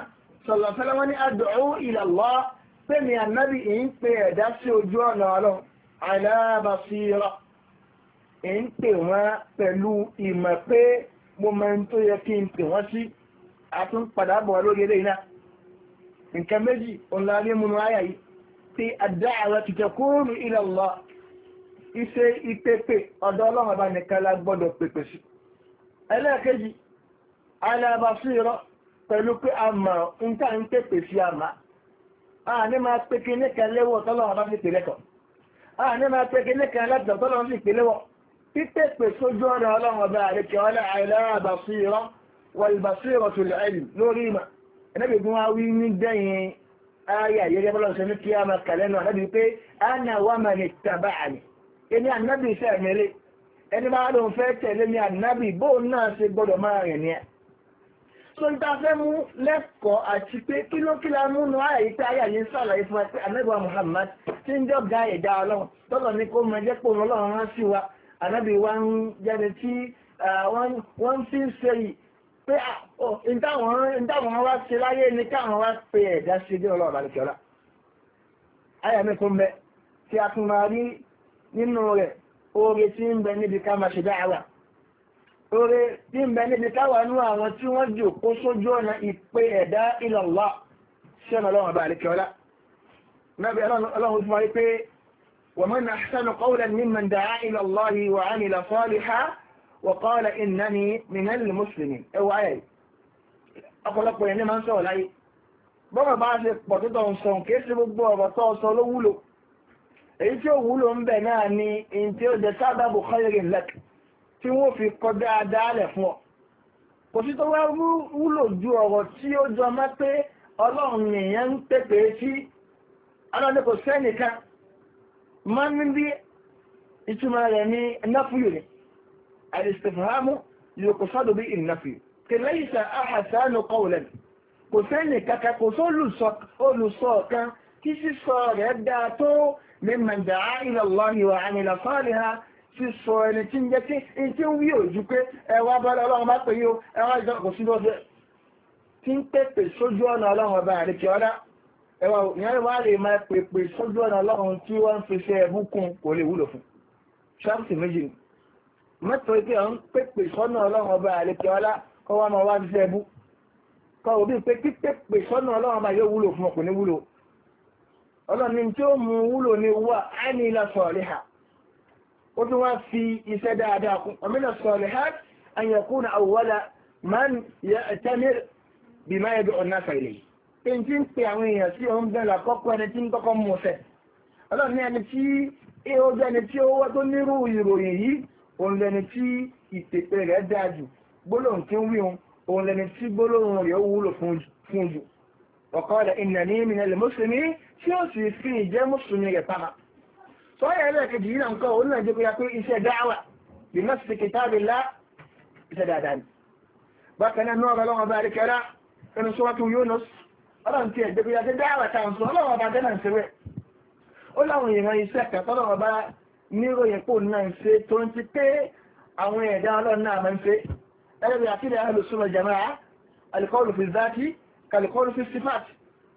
sọ̀lọ̀sọ́lọ́ wọ́n ní ad'u ila Allah pé ní ànábì ń pe ẹ̀dá sí ojú ọ̀nà ọlọ́run ala basira ń pè wọ́n pẹ̀lú ìmọ̀ pé mo mọ ohun tó yẹ kí n pè wọ́n sí àtún padà bọ̀ lórí eré iná nǹkan méjì òun láàrin múnú àyà yìí pé ad-da'watu takunu ila Allah iṣẹ́ ìpépè ọ̀dọ̀ ọlọ́run ọba nìkan la gbọ́dọ̀ pèpè sí ẹlẹ́ẹ̀kejì ala basira pẹ̀lú pé a mọ̀ ń ká ń pèpè sí àmà a ní máa pé kí ní kan léwọ̀ tọ́lọ́wọ́ bá fi pèlẹ́kọ̀ a ní máa pé kí ní kan látọ̀ tọ́lọ́wọ́ fi pèlẹ́wọ̀ pípèpè sójú ọ̀nà ọlọ́run ọba àríkẹ́ ọlá àìlára àbàṣírọ́ wàlbàṣírọ̀ tó lẹ́yìn lórí ìmọ̀ ẹ̀nẹ́bí fún wa wí ní gbẹ̀yìn ayé àyẹ́gẹ́ bọ́lá tó ń dá fẹ́ mú lẹ́kọ̀ọ́ àti pé kí ló kí la mú nu àyè pé ayé àyè sàlàyé fún wa pé anábì wa Muhammad tí ń jọ ga ẹ̀dá ọlọ́run tọ́lọ̀ ní kó máa jẹ́ pé òun ọlọ́run rán sí wa anábì wa ń jáde tí wọ́n fi ń ṣe yìí pé ìdáhùn wa ṣe láyé ni káwọn wa pe ẹ̀dá ṣe dé ọlọ́run àbálẹ̀kẹ́ ọ̀la. ayé mi kún bẹ tí a tún máa rí nínú rẹ̀ oore tí ń bẹ níbi ká máa ṣe dáhàwà ore tí ń bẹ níbi káwà nú àwọn tí wọ́n jù kó sójú ọ̀nà ìpè ẹ̀dá ilallah ṣẹ́nà ọlọ́run ọba àlekẹ́ ọlá nábì ọlọ́run fún wa pé wa man ahsanu qawlan mimman da'a ilallahi wa 'amila salihan wa qala innani minal muslimin ẹwà ayẹ̀ ọ̀pọ̀lọpọ̀ yẹn ní máa ń sọ̀rọ̀ láyé bọ́rọ̀ bá ṣe pọ̀ tó tọ̀ ń sọ kìí sí gbogbo ọ̀rọ̀ tó sọ ló wúlò èyí tí ó wúlò ń bẹ náà ni èyí po to to so kii si ó jẹ sábàbù khairin lak tí wọ́n fi kọ dáadáa lẹ̀ fún ọ kò sí tó wá wúlò ju ọ̀rọ̀ tí ó jọ má pé ọlọ́run nìyẹn ń pèpè sí ọlọ́run kò sẹ́nìkan máa ń bí ìtumọ̀ rẹ̀ ní náfúyù ni àìsìfàámù yóò kò sọ́dọ̀ bí ìnáfúyù kì lẹ́yìn sàn áhàsánù kọ́wùlẹ̀ kò sẹ́nì kàkà kò só olùsọ kan kí sísọ rẹ̀ dáa tó mímọ̀ dáa ila Allah wa amila salihan ti sọ ẹni tí ń jẹ́ kí n tí ń wí òjú pé ẹwà bọ́lá ọlọ́run bá pè yíó ẹwà ìjọkùn sí lọ́sẹ̀ tí ń pèpè sójú ọ̀nà ọlọ́run ọba àríkẹ́ ọ̀dá ẹwà ìyẹn wá lè máa pèpè sójú ọ̀nà ọlọ́run tí wọ́n ń fi ṣe ẹ̀bùn kún kò lè wúlò fún ṣáàpùtì méjì ni mẹ́tọ̀ pé ọ̀n pèpè sọ́nà ọlọ́run ọba àríkẹ́ ọ̀dá kọ́ wá máa wá fi ṣe ẹ̀bùn kọ́ òbí pé kí sọ́nà ọlọ́run ọba yóò wúlò fún ọkùnrin wúlò ọlọ́run tí ó mú wúlò ní wà á ní sọ̀rọ̀ ó tún wá fi iṣẹ́ dáadáa kún ọmọdé sọ̀rọ̀ hàn àyànkún àwọ̀wọ́lá máa ń yẹ ẹ̀tẹ́mí bí máa yẹ bí ọ̀nà fẹ̀lẹ̀ èyí tí ń pe àwọn èèyàn sí òun bẹ́ẹ̀ lákọ́kọ́ ẹni tí ń kọ́kọ́ mú fẹ́ ọlọ́run ẹni tí ó jẹ́ ẹni tí ó wọ́ tó nírú ìròyìn yìí òun lẹni tí ìpèpè rẹ̀ dáa jù gbólóhùn tí ń wí òun òun lẹni tí gbólóhùn rẹ̀ wúlò fún jù ọ̀kọ́ rẹ̀ ìnàní mi nílẹ̀ mùsùlùmí tí ó sì fi ìjẹ́ mùsùlùmí rẹ̀ pamọ́ sọ́yà ẹlẹ́ẹ̀kejì yìí náà nǹkan òun náà jẹ́ pé pé iṣẹ́ dáwà bí mọ́ sí kìtàbí lá iṣẹ́ dáadáa ni náà náà ọlọ́wọ́ Yunus ọlọ́run ti ẹ̀jẹ̀ pé yàtọ̀ dáwà táwọn sọ ọlọ́wọ́ bá dáná ṣẹwẹ́ ó láwọn èèyàn iṣẹ́ kẹtọ́ ọlọ́wọ́ bá níròyìn pò náà ń ṣe tó ń ti pé àwọn ẹ̀dá ọlọ́run náà máa ń ṣe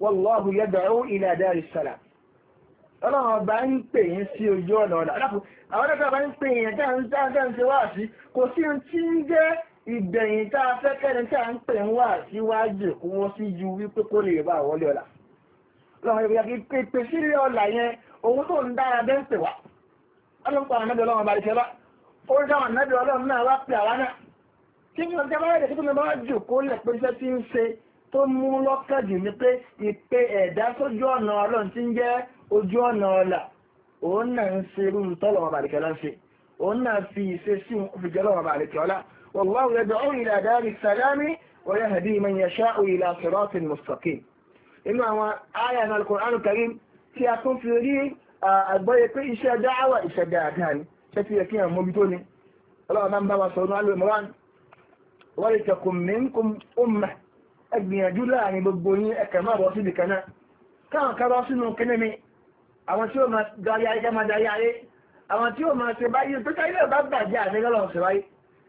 wallahu yad'u ila daris salam ọlọ́run ọba ń pè yín sí ojú ọ̀nà ọ̀nà aláfò àwọn ọ̀dọ́ta ọba ń pè yín tá ń tá ń ṣe wá sí kò sí ohun tí ń jẹ́ ìgbẹ̀yìn tá a fẹ́ kẹ́ni tá ń pè ń wá síwájú kó wọ́n sí ju wípé kó lè bá wọlé ọ̀la ọlọ́run ìgbà kí yẹn tó mú lọ́kàn jù ní pé ìpè ẹ̀dá sójú ọ̀nà ọlọ́run tí ń jẹ́ ojú ọ̀nà ọ̀là òun náà ń ṣe irú tọ́lọ̀ ọba àdìkẹ́ lọ́n ṣe òun náà fi ìṣe sí fi jẹ́ lọ́wọ́ ọba àdìkẹ́ ọ̀la wallahu yad'u ila dari salami wa yahdi man yasha'u ila siratin mustaqim inú àwọn àyà ọlọ́run bá ń bá wa sọ̀rọ̀ alùmọ́rán wọ́n lè tẹ̀kùn minkum ummah ẹgbìyànjú láàrin gbogbo yín ẹkẹ̀ máa bọ̀ síbi kan náà káwọn kan bọ́ sínú kíní mi àwọn tí ó máa darí ayé ká máa darí ayé àwọn tí ó máa ṣe báyé tó káyé náà bá bàjẹ́ àti lọ́lọ́ ṣe wáyé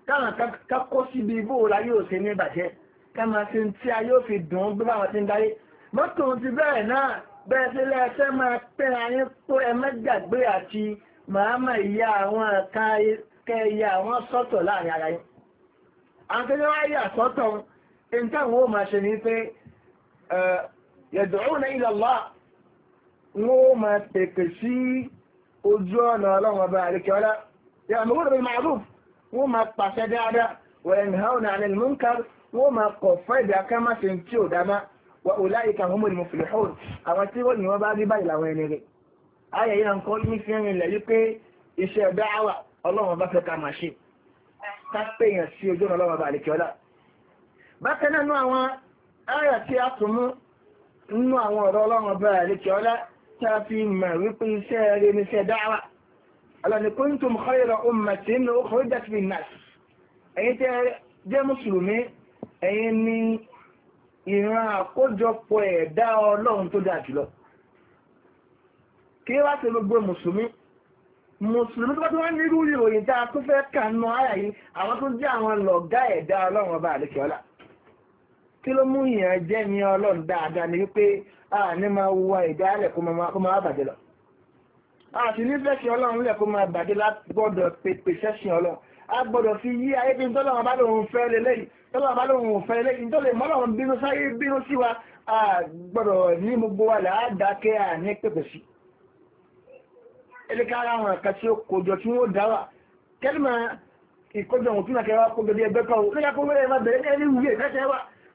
káwọn kan kó síbi ibò láyé òṣè ní bàjẹ́ ká máa ṣe tí ayé ó fi dùn ún gbé báwọn ti ń darí mọ́tò ti bẹ́ẹ̀ náà bẹ́ẹ̀ sí lẹ́ẹ̀ṣẹ́ máa pẹ́ ayé tó ẹ mẹ́gbàgbé àti màámà ìyá àwọn kan kẹ́ àwọn sọ́tọ̀ láàrin ara yín àwọn kẹ́kẹ́ wáyé àsọ́tọ̀ nǹkan wo máa ṣe ní pé yad'una ila Allah wọ́n máa pèpè sí ojú ọ̀nà ọlọ́run ọba àríkẹ́ọ́lá ya'muruna bil ma'ruf wọ́n máa pàṣẹ dáadáa wa yanhauna 'anil munkar wọ́n máa kọ̀ fún ẹ̀dá ká má ṣe tí ò dá má wa ulaika humul muflihun àwọn tí wọ́n ní wọ́n bá rí báyìí làwọn ẹni rẹ̀ ayẹ̀ yìí nǹkan ní fi rìn lẹ̀ wípé iṣẹ́ dáwà ọlọ́run ọba fẹ́ ká máa ṣe ká pèèyàn sí ojú ọ̀nà ọlọ́run ọba àríkẹ́ọ́lá bákan náà nú àwọn ààyà tí a tún mú nínú àwọn ọ̀rọ̀ ọlọ́run ọba àríkẹ́ ọlá tá a fi mọ̀ wípé iṣẹ́ rẹ̀ níṣẹ́ dáwà alani kuntum khayra ummatin ukhrijat linnas ẹ̀yin tó dáa jùlọ mùsùlùmí tó bá tó wá nírú ìròyìn tó fẹ́ kà nù yìí àwọn tó jẹ́ àwọn lọ̀gá ẹ̀dá ọlọ́run ọba àríkẹ́ kí ló mú ìyàn jẹ́ ní ọlọ́run dáadáa ni wípé a ní máa wá ìdálẹ̀ kó máa bàjẹ́ lọ àti nífẹ̀ẹ́ sí ọlọ́run lẹ̀ kó máa bàjẹ́ lágbọ́dọ̀ pèsè sí ọlọ́run a gbọ́dọ̀ fi yí ayé bí tọ́lọ́run bá lòun fẹ́ lélẹ́yìn tọ́lọ́run bá lòun fẹ́ lélẹ́yìn tó lè mọ́lọ́run bínú sáyé bínú sí wa a gbọ́dọ̀ ní gbogbo wa là á dákẹ́ à ní pèpè sí eléka ara àwọn àkàtì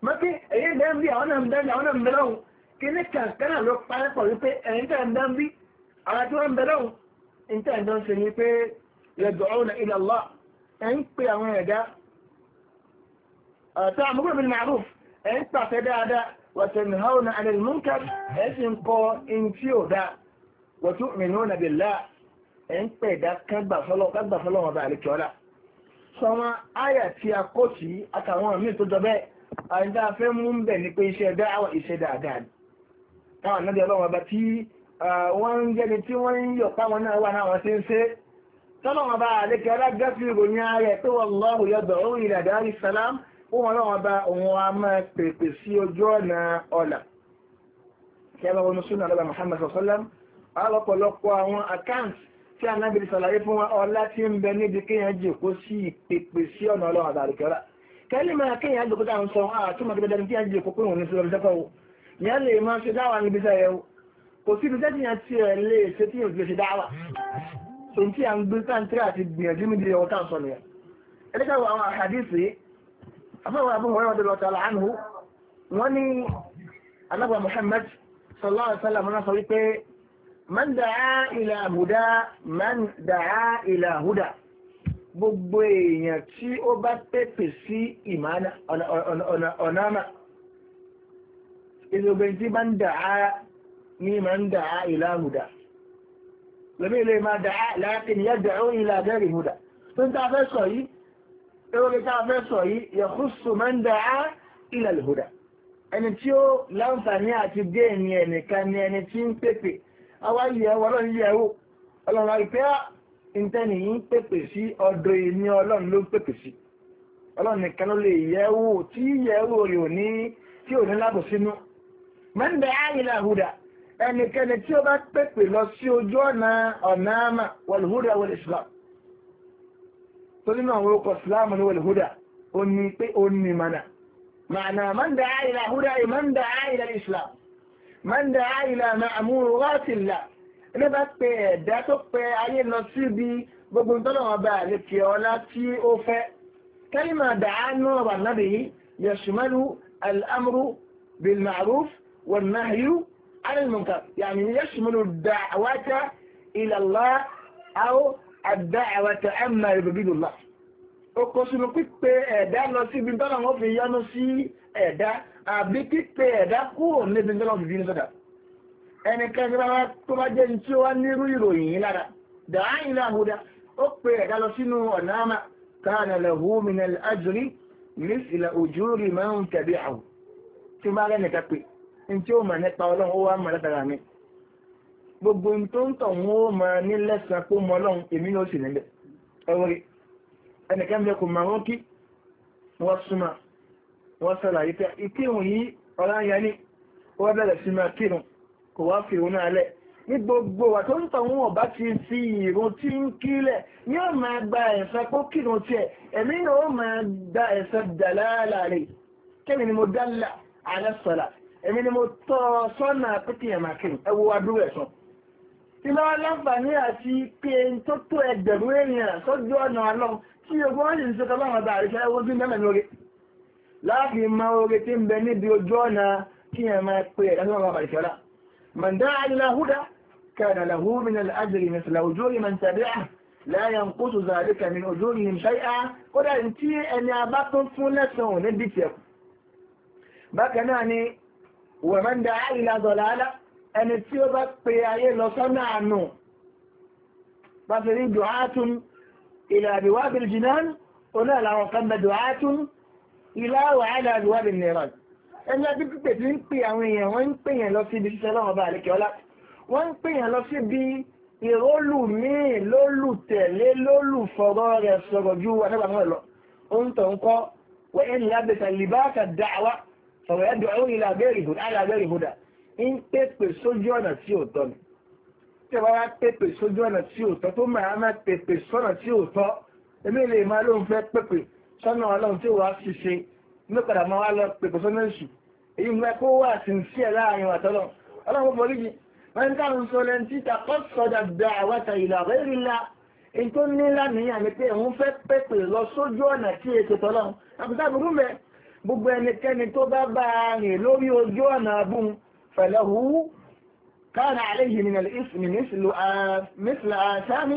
मके ए डैम भी आना हम डैम आना मिलाओ किने क्या करा लोग पाए पड़े पे ऐंटा अंदाम भी आज वो मिलाओ ऐंटा अंदाम से ये पे يدعون إلى الله أين بيا ما يدا تعم قول بالمعروف أين تعتدى دا وتنهون عن المنكر أين قو إن فيو دا وتؤمنون بالله أين بيا دا كذب فلو كذب فلو هذا الكلام سما آية فيها قصي أكمل من تدبئ àìdá afẹ́ mú ń bẹ̀ ní pé iṣẹ́ dáwà iṣẹ́ dáadáa táwọn náà ọlọ́wọ́ bá tí wọ́n ń jẹ́ni tí wọ́n ń yọ̀ páwọn náà wà náà wọ́n sí ń ṣe tọ́lọ́wọ́ bá àlékẹ́ alágbàfí ìròyìn ààrẹ pé wọ́n lọ́rùn yọ̀dọ̀ ó ìlà dárí sálám ó wọn lọ́wọ́ bá òun a máa pèpè sí ojú ọ̀nà ọ̀là kí a bá wọn súnà lọ́ba Muhammad sọ́sọ́lám alọ́pọ̀lọpọ̀ àwọn accounts tí anábìrì sàlàyé fún wa ọlá tí ń bẹ níbi kéèyàn jòkó sí ìpèpè sí ọ̀nà ọlọ́wọ́ àdàríkẹ́rà kẹ́lìmọ̀ kéèyàn lòkúta ń sọ àtúmọ̀ ah, tó bẹ̀rẹ̀ tí a jẹ́ kókó òun ní sọ́rọ̀ sẹ́kọ̀ọ́ ìyá lè máa ṣe dáwà níbi iṣẹ́ ẹ̀ kò sí ibi tẹ́tì yẹn ti ẹ̀ lè ṣe tí yóò ṣe dáwà tó ń tí a ń gbé sáńtì àti gbìyànjú níbi ẹ̀wọ̀ tá à ń sọ nìyẹn ẹ̀dẹ́gbẹ̀ wo àwọn àhàdìsí afẹ́wọ̀ Abu Hurairah radiyallahu gbogbo èèyàn tí ó bá pèpè sí ìmáná ọ̀nàmà ìṣògbè tí bá ń dà á ní ma ń dà á ìlà hùdà lómi ilé ma dà á láàkín yá dà ó ìlà gẹ́rì hùdà tó ń ta fẹ́ sọ yìí ewé ta fẹ́ sọ yìí yà kúsù ma ń dà á ìlà hùdà ẹni tí ó láǹfààní àti dé ní ẹnìkan ní ẹni tí ń pèpè awáyé ẹwọ́ ọlọ́run yẹ ọlọ́run àìpẹ́ ìtẹ́ni yìí ń pèpè sí ọ̀dọ̀ èmi ọlọ́run ló ń pèpè sí ọlọ́run nìkan ló lè yẹ̀wò tí yẹ̀wò rẹ̀ ò ní tí ò ní lábò sínú mẹ́ńdẹ̀ áyìnlá hùdà ẹnikẹ́ni tí ó bá pèpè lọ sí ojú ọ̀nà ọ̀nà àmà wàlúhùdà wàlú islam torí náà wọ́n kọ islam ní wàlúhùdà ó ní pé ó ní mana màánà mẹ́ńdẹ̀ áyìnlá hùdà ilé bá pe ẹ̀dá tó pe ayé lọ síbi gbogbo ntọ́nà ọba àlekè ọlá tí ó fẹ́ kẹ́lìmà dàánú ọba nàbì yìí yẹ̀sùmẹ́lú alámúrú bilmaruf wọ̀nàhíú alìmùkà yàmì yẹ̀sùmẹ́lú dàwátà ìlàlá àwọ àdáwátà ẹ̀mà ìròbílùlá ó kó sínú pípé ẹ̀dá lọ síbi ntọ́nà wọn fi yánu sí ẹ̀dá àbí pípé ẹ̀dá kúrò níbi ntọ́nà òbí ní sọ́dà ẹnikẹ́ni tó bá jẹ́ ní tí ó wá nírú ìròyìn yìí lára dàá ìlà àhúdá ó pe ẹ̀dá lọ sínú ọ̀nà àmà káàna lẹ́hu minel ajuri mísìlẹ̀ òjúrì máa ń tẹ̀lé àwù tí bá rẹ̀ nìkan pé ní tí ó mọ̀ nípa ọlọ́run ó wá mọ̀ látara mi gbogbo ní tó ń tọ̀ wọ́n ó mọ̀ ní lẹ́sàn kó mọ ọlọ́run èmi ló sì níbẹ̀ ẹwọ́rẹ́ ẹnikẹ́ni kò wọ́n sọ̀rọ̀ àyíká ìkírun yìí ọ̀rá yẹn ni wọ́n bẹ̀rẹ̀ sí máa kírun kò wá fi òun náà lẹ̀ ní gbogbo wà tó ń tàn wọn ọba ti fi ìrun tí ń kílẹ̀ ní ó máa gba ẹ̀san kó kírun tiẹ̀ ẹ̀mí yóò máa gba ẹ̀san dàlálà rẹ̀ kẹ́mi ni mo dálà alẹ́sọ̀là ẹ̀mí ni mo tọ́ ọ sọ́nà pété ẹ̀mà kírun ẹ wo adúrú ẹ̀san. tí lọ́wọ́ láǹfààní àti pé tó tó ẹgbẹ̀rún èèyàn sójú ọ̀nà àlọ́ tí ogun wọn sì ń ṣe tọ́lá àwọn bàárẹ̀ fẹ́ من دعا إلى هدى كان له من الأجر مثل أجور من تبعه لا ينقص ذلك من أجورهم ولا kódà أن ẹni abá tún بك نعني ومن دعا إلى ضلالة أن tí ó لو صنع ayé lọ sọ́nà إلى بواب الجنان ولا لا kan دعاة إلى وعلى أبواب النيران ẹni ọdún pípè tí ń pè àwọn èèyàn wọ́n ń pè yàn lọ sí ibi ṣiṣẹ́ lọ́wọ́ bá àlékè ọlá wọ́n ń pè yàn lọ sí ibi ìrólù míì lólù tẹ̀lé lólù fọ̀rọ̀ rẹ̀ sọ̀rọ̀ ju adágbà náà lọ ohun tó ń kọ́ wẹ́n ní abẹ́ta libáàkà dáwà ọ̀rọ̀ ẹ̀dùn àwọn ilẹ̀ abẹ́rẹ́ ìhòdà ń pèpè sójú ọ̀nà tí ò tọ́ ni tí wọ́n wá pèpè sójú ọ̀nà tí ò tọ́ tó máa má pèpè sọ́nà tí ò tọ́ èmi lè máa lóun fẹ́ pèpè sọ́nà ọlọ́run tí wọ́n á fi ní padà máa wá lọ pèpè sọ́nà èṣù èyí mú ẹkọ́ wà sí sí ẹ̀ láàrin àtọ́lọ́ ọlọ́run bọ̀ lígi wọ́n ká ń sọ lẹ́ni tí takọ́ sọ́dà da àwọ̀ta ìlà ọ̀rẹ́ ìlà èyí tó ní lánìyàn ni pé òun fẹ́ pèpè lọ sójú ọ̀nà tí ètò tọ́lọ́run àbúta burú mẹ́ gbogbo ẹnikẹ́ni tó bá bá rìn lórí ojú ọ̀nà abúm fẹ̀lẹ́hu كان عليه من الاسم مثل آه مثل آثام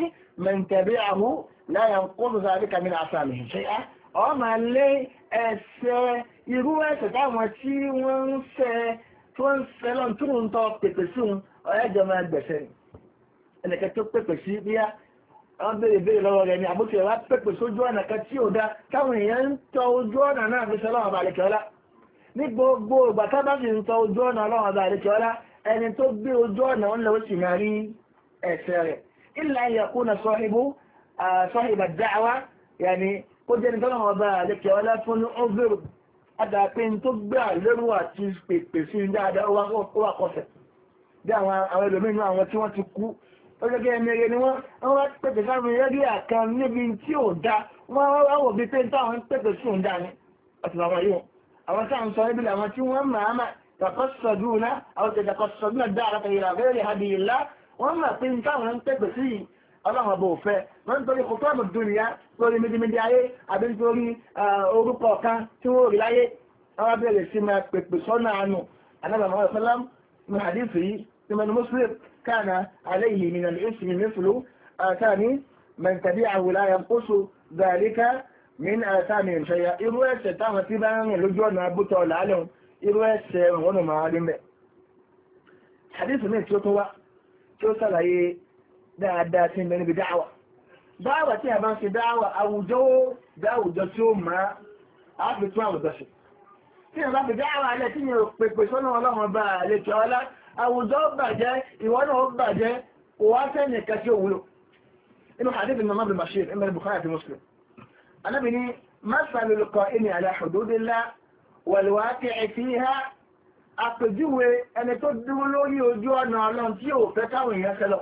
من تبعه لا ينقض ذلك من آثامه شيئا وما لي ẹ̀ṣẹ̀ irú ẹ̀ṣẹ̀ táwọn tí wọ́n ń fẹ́ tí wọ́n ń fẹ́ lọ́n tó ń tọ́ pèpè sí wọn ọ̀yájọ́ máa gbẹ̀ṣẹ̀ ni ẹnìkan tó pèpè sí bíyá wọ́n béèrè béèrè lọ́wọ́ rẹ̀ ni àbúkù wá pèpè sójú ọ̀nà kan tí ò dá táwọn èèyàn ń tọ ojú ọ̀nà náà fi sọ lọ́wọ́ àbàlẹ̀kẹ́ ní gbogbo ìgbà tábà ń tọ ojú ọ̀nà ẹni tó gbé ojú ọ̀nà ń máa rí rẹ̀ dáwà kó jẹ́ ní tọ́lọ́wọ́ bá àlékẹ́ ọlá fún ọ́gbèrò adàpín tó gbà lérò àti pèpè sí dáadáa ó wà kọfẹ̀ bí àwọn ẹlòmínú àwọn tí wọ́n ti kú ọjọ́gẹ́ ẹmẹ́rẹ́ ni wọ́n wá pẹ̀pẹ̀ sáàmù rẹ́dí àkan níbi tí ò dá wọ́n wáwọ̀ bí pé táwọn pẹ̀pẹ̀ sí òun dá ní ọ̀tún àwọn yíwọ̀n àwọn sáà ń sọ níbi làwọn tí wọ́n máa máa tàkọ́sọ̀dúnà àwọn tẹ̀tàkọ́sọ̀dúnà dáa látàrí ìràbẹ́rẹ́ àbí ìlà wọ́n máa pé táwọn pẹ̀pẹ̀ sí yìí ọlọ́run ọba òfẹ́ wọ́n nítorí kò tó àbùdù dúnìyá lórí mídímídí ayé àbí nítorí orúkọ kan tí wọ́n rí láyé wọ́n bẹ̀rẹ̀ sí máa pèpè sọ́nà àánú anábàá mọ́ ọ̀sán ní àdífì yìí tí mẹ́nu muslim kánà alẹ́ ìlú mi nàlẹ́ ìsìn mi fìlú àtàní mẹ́ntàbí àwòlá yẹn kó so dàríkà mí ní àtàní ìṣẹ̀yà irú ẹ̀ṣẹ̀ táwọn tí bá ń rìn lójú ọ̀nà abútọ̀ làálẹ̀ dáadáa tí ń bẹ níbi dáwà dáwà tí a bá ń ṣe dáwà àwùjọ dáwùjọ tí ó máa á fi tún àwùjọ ṣe tí a bá fi dáwà alẹ́ tí yẹn pèpè sọ́nà ọlọ́run bá àlejò ọlá àwùjọ bàjẹ́ ìwọ náà bàjẹ́ kò wá sẹ́yìn ẹ̀ka tí ó wúlò inú hadith imam abu bashir imam bukhari àti muslim anabi ni masalu lukọ ini ala hududillah wàlúwàtí ẹ̀fíhá àpèjúwe ẹni tó dúró lórí ojú ọ̀nà ọlọ́run tí ò fẹ́ káwọn èèyàn ṣẹlọ̀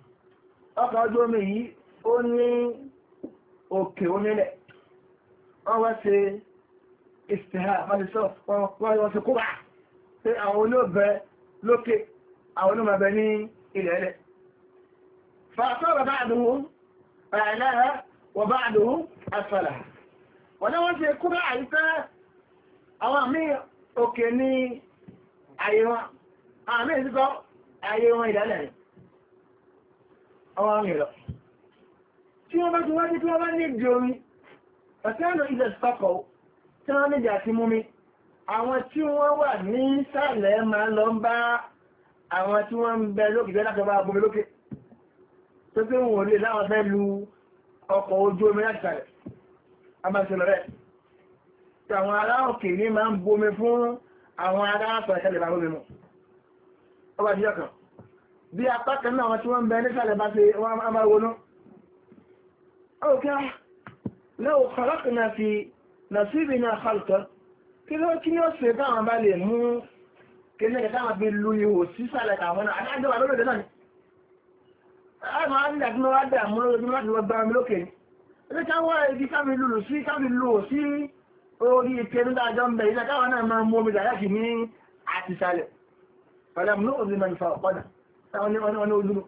ọkọ̀ ojú omi yìí ó ní òkè onílẹ̀ wọ́n wá ṣe ìsìnhà fásitọ́ wọ́n wọ́n ṣe kúrà pé àwọn olóòbẹ lókè àwọn olóòbẹ ní ilẹ̀ ẹlẹ̀ fàtọ́rọ̀ bá àdúgbò àìlára wọ bá àmì ìsìnkọ́ àyè ìdálẹ̀ rẹ̀ àwọn arìnrìn lọ tí wọ́n bá ti wájú tí wọ́n bá ní ìdí omi ọ̀sẹ́nà ilẹ̀ sọ́kọ̀ tí wọ́n níbi àti mú mi àwọn tí wọ́n wà ní sàlẹ̀ máa lọ ń bá àwọn tí wọ́n ń bẹ lókè jẹ́ láti bá bomi lókè tó pé wọn ò lè láwọn fẹ́ lu ọkọ̀ ojú omi láti sàlẹ̀ a máa ṣe lọ rẹ̀ tí àwọn ará òkè ní máa ń bomi fún àwọn ará àpẹẹsẹ̀ lè bá bomi mu bí apá kan náà tí wọ́n bẹ nísàlẹ̀ bá ṣe wọ́n máa wọnú ọ̀gá lẹ́wọ̀ kọ̀lọ́kùnà fi nàṣíbì náà kọlùtọ́ kí ló kí ní ó ṣe táwọn bá lè mú kí ní ẹ̀ka táwọn fi lu ihò sísàlẹ̀ káwọn náà àdájọ́ wà lóde náà ni àwọn àdìdà tí wọ́n wá dà mú lóde láti wọ́n gbára mi lókè ni ẹni ká wá ibi káfi lulù wọ́n olúmọ̀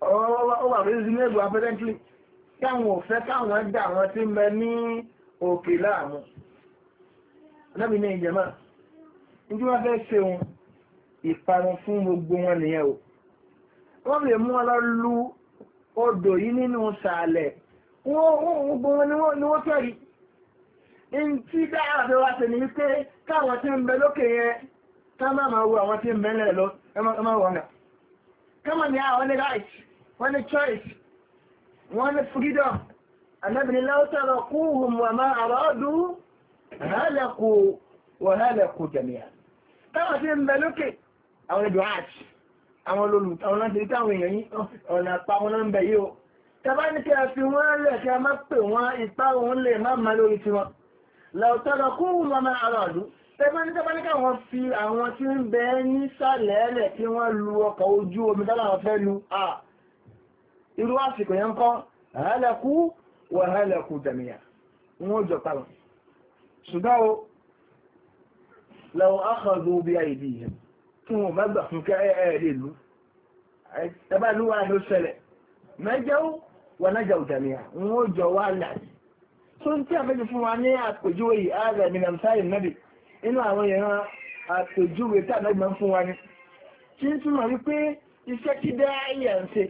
ó wà rí zinébù apparently káwọn ò fẹ́ káwọn dà wọn tí mẹ ní òkè láàmú lẹ́bí ní ìjẹ̀má ní wọ́n fẹ́ ṣe wọn ìparun fún gbogbo wọn nìyẹn o wọ́n lè mú wọn lọ lu odò yìí nínú sàálẹ̀ gbogbo wọn ni wọ́n tẹ̀rí in tí dára fẹ́ wá tẹ̀ ní wípé káwọn tí ń bẹ lókè yẹn ká má máa wo àwọn tí ń bẹ lẹ̀ lọ ẹ má náà kama ni a wani right wani choice wani freedom annabi ni lauta da kuhun wa ma aradu halaku wa halaku jami'a kama ti n beluke àwọn eduard àwọn olólù àwọn láti rí táwọn èèyàn yìí ọ̀nà àpapọ̀ náà ń bẹ̀ yìí o tàbá ní kí a fi wọ́n lẹ̀ kí a má pè wọ́n ipá òun lè má má lórí tiwọn lọ́tọ́dọ̀ kúrò mọ́mọ́ ara ọ̀dún tẹ́gbọ́n tẹ́gbọ́n ní káwọn fi àwọn tí ń bẹ ní sàlẹ̀ẹ́lẹ̀ tí wọ́n lu ọkọ̀ ojú omi tọ́láwọn fẹ́ lu à irú àsìkò yẹn kọ́ hálẹ̀kú wà hálẹ̀kú jàmíyà wọ́n jọ pàlọ̀ ṣùgbọ́n o lọ́wọ́ ákọ̀ọ́dọ̀ obi àìdí yẹn kí wọ́n bá gbà fún fún wa ní àpèjúwe yìí ààrẹ mi nà inú àwọn ìran àpèjúwe tàbí máa ń fún wa ni tí ń túmọ̀ wípé iṣẹ́ kí dá ìyà ń ṣe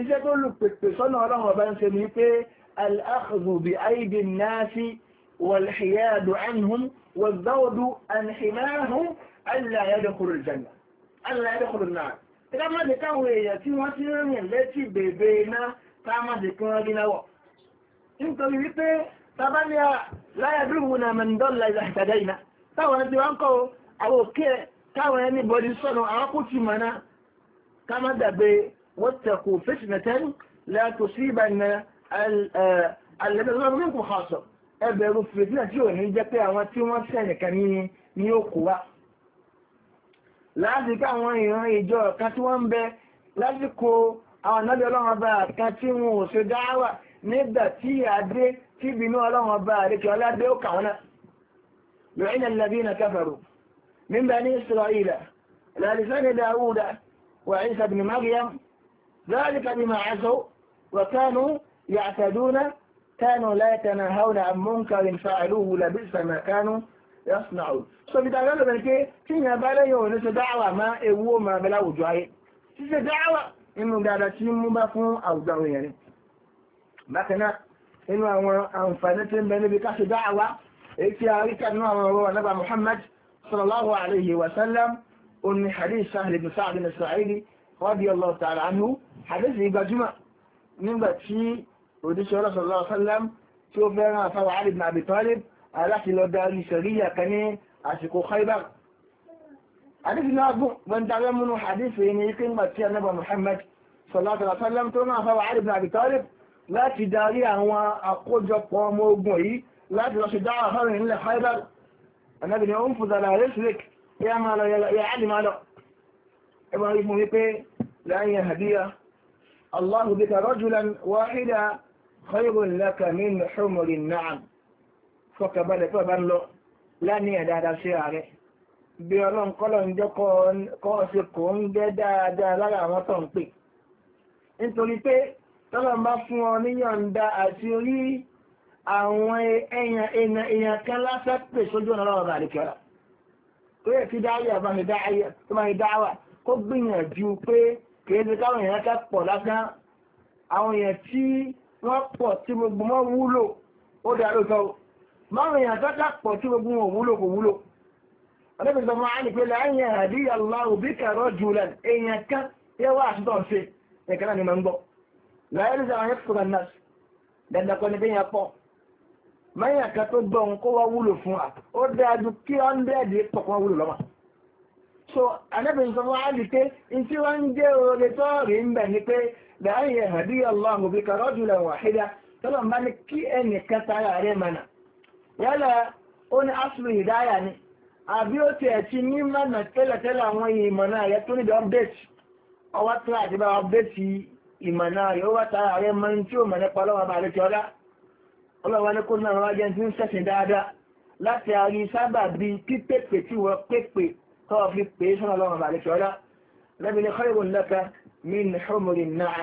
iṣẹ́ tó lù pèpè sọ́nà ọlọ́run ọba ń ṣe ni wípé al-akhdhu bi aidi an-nasi wal-hiyadu anhum wal-zawdu an himahum alla yadkhulu al-janna alla yadkhulu an-nar ìdá má lè káwọn èèyàn tí wọ́n ti rìn létí bèbè iná ká má lè kí wọ́n rí náwọ̀ nítorí wípé tabania láyàdúrúwùnà mẹ́ndọ́lá ìzàkàdá ìná táwọn ẹni tí wọ́n ń kọ́ àwọn òkè káwọn ẹni bọ́dí sọ́nà àwọn ti mọ̀nà ká má dàgbé wọ́n tẹ̀kù fẹ́sìnẹ̀tẹ́n láti sí ìbànú alẹ́dẹ́gbẹ́rún mẹ́kù hàṣọ ẹbẹ̀rún fìtínà tí ò ní jẹ́ pé àwọn tí wọ́n sẹ̀yìn kan ní ní òkú wa láti káwọn ìran ìjọ kan tí wọ́n ń bẹ lásìkò àwọn ọ̀nàdé ọlọ́run ọba kan tí wọn ò ṣe dáwà nígbà tí adé tíbi inú ọlọ́run ọba àdékẹ́ ọládé ó kà wọn náà لعن الذين كفروا من بني إسرائيل لالسان داوود وعيسى بن مريم ذلك بما عزوا وكانوا يعتدون كانوا لا يتناهون عن منكر فعلوه لبس ما كانوا يصنعون سبيت أغلب من كي كينا باليو نسى دعوة ما إيوه ما بلاو جاي نسى دعوة إنه قادة تيمو بفون أو دعوة يعني بكنا إنه أنفنتين بني دعوة èyí àríkà nínú àwọn ọ̀rọ̀ anábà muhammad sallallahu alayhi wa sallam oní hadith sahl ibn sa'd ibn sa'idi radiyallahu ta'ala anhu hadith ìgbàjúmọ̀ nígbà tí òdíṣẹ́ ọlọ́ sallallahu alayhi wa sallam tí ó fẹ́ràn àfáwà ali ibn abi talib aláti lọ darí sẹ̀ríyà kan ní àsìkò khaybar hadith náà gùn gbọ́ndarẹ́ múnú hadith yìí ní ikú ìgbà tí anábà muhammad sallallahu alayhi wa sallam tó náà àfáwà ali ibn láti darí àwọn àkójọpọ̀ ọmọ ogun yìí láti lọ ṣe dáwà fáwọn ilẹ̀ haibar annabi ni ó ń fùzà láàrin sílẹ̀kì ya máa lọ ya alì máa lọ ẹgbọ́n rí fún wípé láyé hadiya allahu bika rajulan wahida khayrun laka min humurin na'am fọkà balẹ̀ pẹ̀ bá ń lọ láni ẹ̀ dáadáa sí ààrẹ bí ọlọ́run kọ́lọ̀ ń jẹ́ ọ̀sẹ̀ kò ń gẹ́ dáadáa lára àwọn tó ń pè nítorí pé tọ́lọ́ bá fún ọ níyànda àti orí àwọn èèyàn èèyàn kan lásán pè sójú ọ̀nà lọ́wọ́ àríkẹ́ra tó yẹ kí dáyà bá ní dáyà tó máa ní dáwà kó gbìyànjú pé kìí ṣe káwọn èèyàn ká pọ̀ lásán àwọn èèyàn tí wọ́n pọ̀ tí gbogbo wọn wúlò ó dá lóòótọ́ o máwọn èèyàn tó ká pọ̀ tí gbogbo wọn wúlò kò wúlò ọdẹ́bí sọ máa ní pé láyé àdíyà lọ́wọ́ bí kẹrọ jùlọ èèyàn kan yẹ wá àṣìṣọ́ ṣe ẹ̀kan náà ni mo ń gbọ́ láyé ló ṣe àwọn yẹn náà dandan kọ́ni bí yẹn pọ̀ mẹ́yìn kan tó gbọ́n kó wá wúlò fún wa ó dájú kí ọ́ndẹ́ẹ̀dì pọ̀ kó wá wúlò lọ́wọ́ so anábìrin sọ fún wa di pé n wọ́n ń jẹ́ oore tó rí ń bẹ̀ ni pé láàrin yẹn hàbí Allahu bika rajulan wahida tọ́lọ̀ bá ní kí ẹnìkan tara rẹ̀ mọ̀nà yálà ó ní asùlù ìdáyà ni àbí ó tiẹ̀ ti ní mọ̀nà tẹ́lẹ̀tẹ́lẹ̀ àwọn ìmọ̀nà rẹ̀ tó níbi ọ́bẹ̀tì ọwọ́ tó àti bá ọ́bẹ̀tì ìmọ̀nà ó wá ọlọ́wà ní kó náà wọ́n jẹ́ tí ń sẹ̀sìn dáadáa láti àrí sábà bí pípèpè tí wọ́n pèpè tọ́ fi pè é sọ́nà ọlọ́run bàlẹ̀ ṣọ́lá lẹ́bìnrin kọ́rìbù lẹ́ka mi ní ṣọ́mùrì náà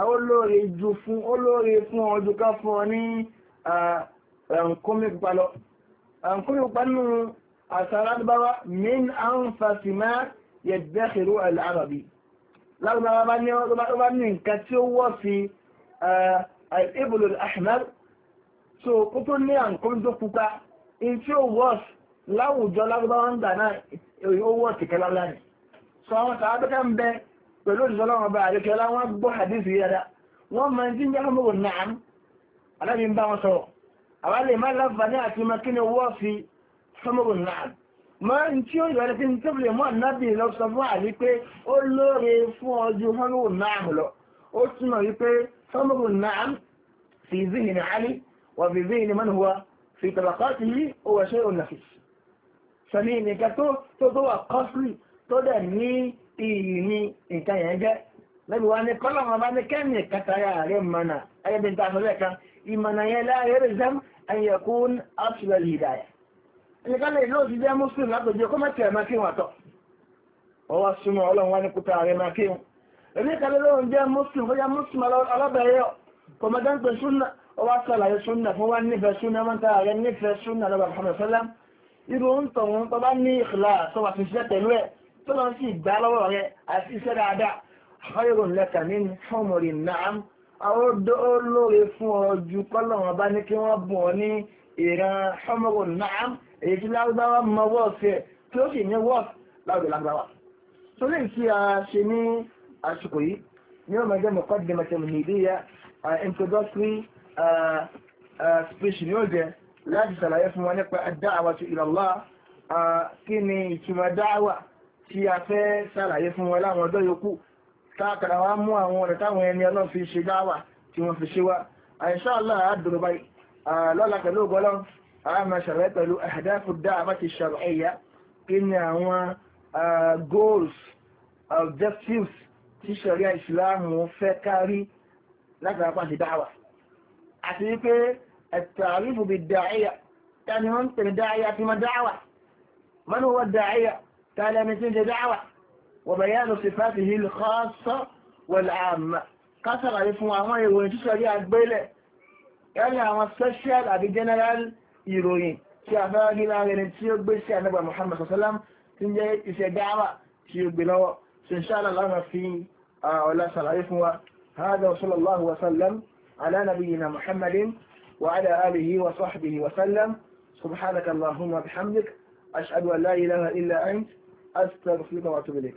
àwọn olóore ju fún olóore fún ọdún ká fún ọ ní ẹ̀ǹkómi pupa lọ ẹ̀ǹkómi pupa nínú àṣà alábáwá mi ń àǹfàṣìmá yẹ̀dẹ́kẹ̀rú àlàràbì lágbàbá bá ní nǹkan so kó tó ní àǹkóńdó pupa in tí ó wọ́s láwùjọ lágbàbá ń gbà náà ó wọ́s ìkẹlá lánìí so àwọn tàbátà ń bẹ pẹ̀lú òṣìṣọ́lọ́wọ́ bá àríkẹ́lá wọ́n gbọ́ hadith yára wọ́n máa ń jíjẹ́ ọmọ nàám alábi ń bá wọn sọ̀rọ̀ àwọn lè má láǹfààní àti makíni wọ́ọ̀sì sọmọ́rùn náà máa ń tí ó yọrí sí tó lè mọ́ nábì lọ sọ fún àrí pé ó lóore fún ọjọ́ sọmọ́rùn náà lọ ó túnmọ̀ wípé sọmọ́rùn náà sì zìhìn àárín وفي ذهن من هو في طبقاته هو شيء نفيس sọ̀ní nìkan tó tó tó wà costly tó dẹ̀ ní iyì ní nǹkan yẹn jẹ́ lẹ́bi wa ní kọ́lọ̀ wọn bá ní kẹ́mì kàtàrà rẹ̀ mọ̀nà ayébí ń tàṣọ lẹ́ẹ̀kan ìmọ̀nà yẹn láàrẹ̀ rẹ̀ zam ayẹkún absolute hidaya nìkan lè lóò ti jẹ́ muslim látòjú kó mẹ́tẹ̀ máa kí wọn tọ̀ ọ wá súnmọ́ ọlọ́run wá ní kúta rẹ̀ máa kí wọn èmi kan lóò jẹ́ muslim ó jẹ́ muslim alábẹ̀rẹ̀ kọ̀mọ̀dán pẹ̀ súnà ó wá sọ́làyé súnà fún wá nífẹ̀ẹ́ súnà wọ́n tàà rẹ nífẹ̀ẹ́ súnà lọ́wọ́ Muhammad sallam irú ń tọ̀ wọn tó bá ní ìkìlá tó wà sí iṣẹ́ pẹ̀lú ẹ̀ tó lọ sí ìgbà lọ́wọ́ rẹ àti iṣẹ́ dáadáa ọ̀rẹ́rùn lẹ́kà ní fọ́ọ̀mùrì náà àwọn olóore fún ọ ju kọ́lọ́wọ́n bá ní kí wọ́n bùn ọ ní ìran fọ́ọ̀mùrì náà èyí tí speech ni ó jẹ láti ṣàlàyé fún wa nípa ad-da'watu ila Allah kí ni ìtumọ̀ dáwà tí a fẹ́ ṣàlàyé fún wa láwọn ọjọ́ yòókù táàkàrà wá mú àwọn ọ̀rẹ́ táwọn ẹni ọlọ́ fi ṣe dáwà tí wọ́n fi ṣe wá insha Allah àádùrù báyìí lọ́la pẹ̀lú ọgọ́lọ́ goals objectives tí ṣàríà ìsìláàmù fẹ́ kárí látàrápàá ti dáwà عفيفة التعريف بالداعية يعني هم تنداعية فيما دعوة من هو الداعية تعالى مثل دعوة وبيان صفاته الخاصة والعامة قصر عرفه هو يقولون تسوى لي عدبيلة يعني عما السشال عبي جنرال يروين شعفاء جيلا غيرين تسيوك بيش عن نبوة محمد صلى الله عليه وسلم تنجي يسي دعوة تسيوك بلو شاء الله في أولا صلى الله عليه وسلم هذا وصلى الله وسلم على نبينا محمد وعلى آله وصحبه وسلم سبحانك اللهم وبحمدك أشهد أن لا إله إلا أنت أستغفرك وأتوب إليك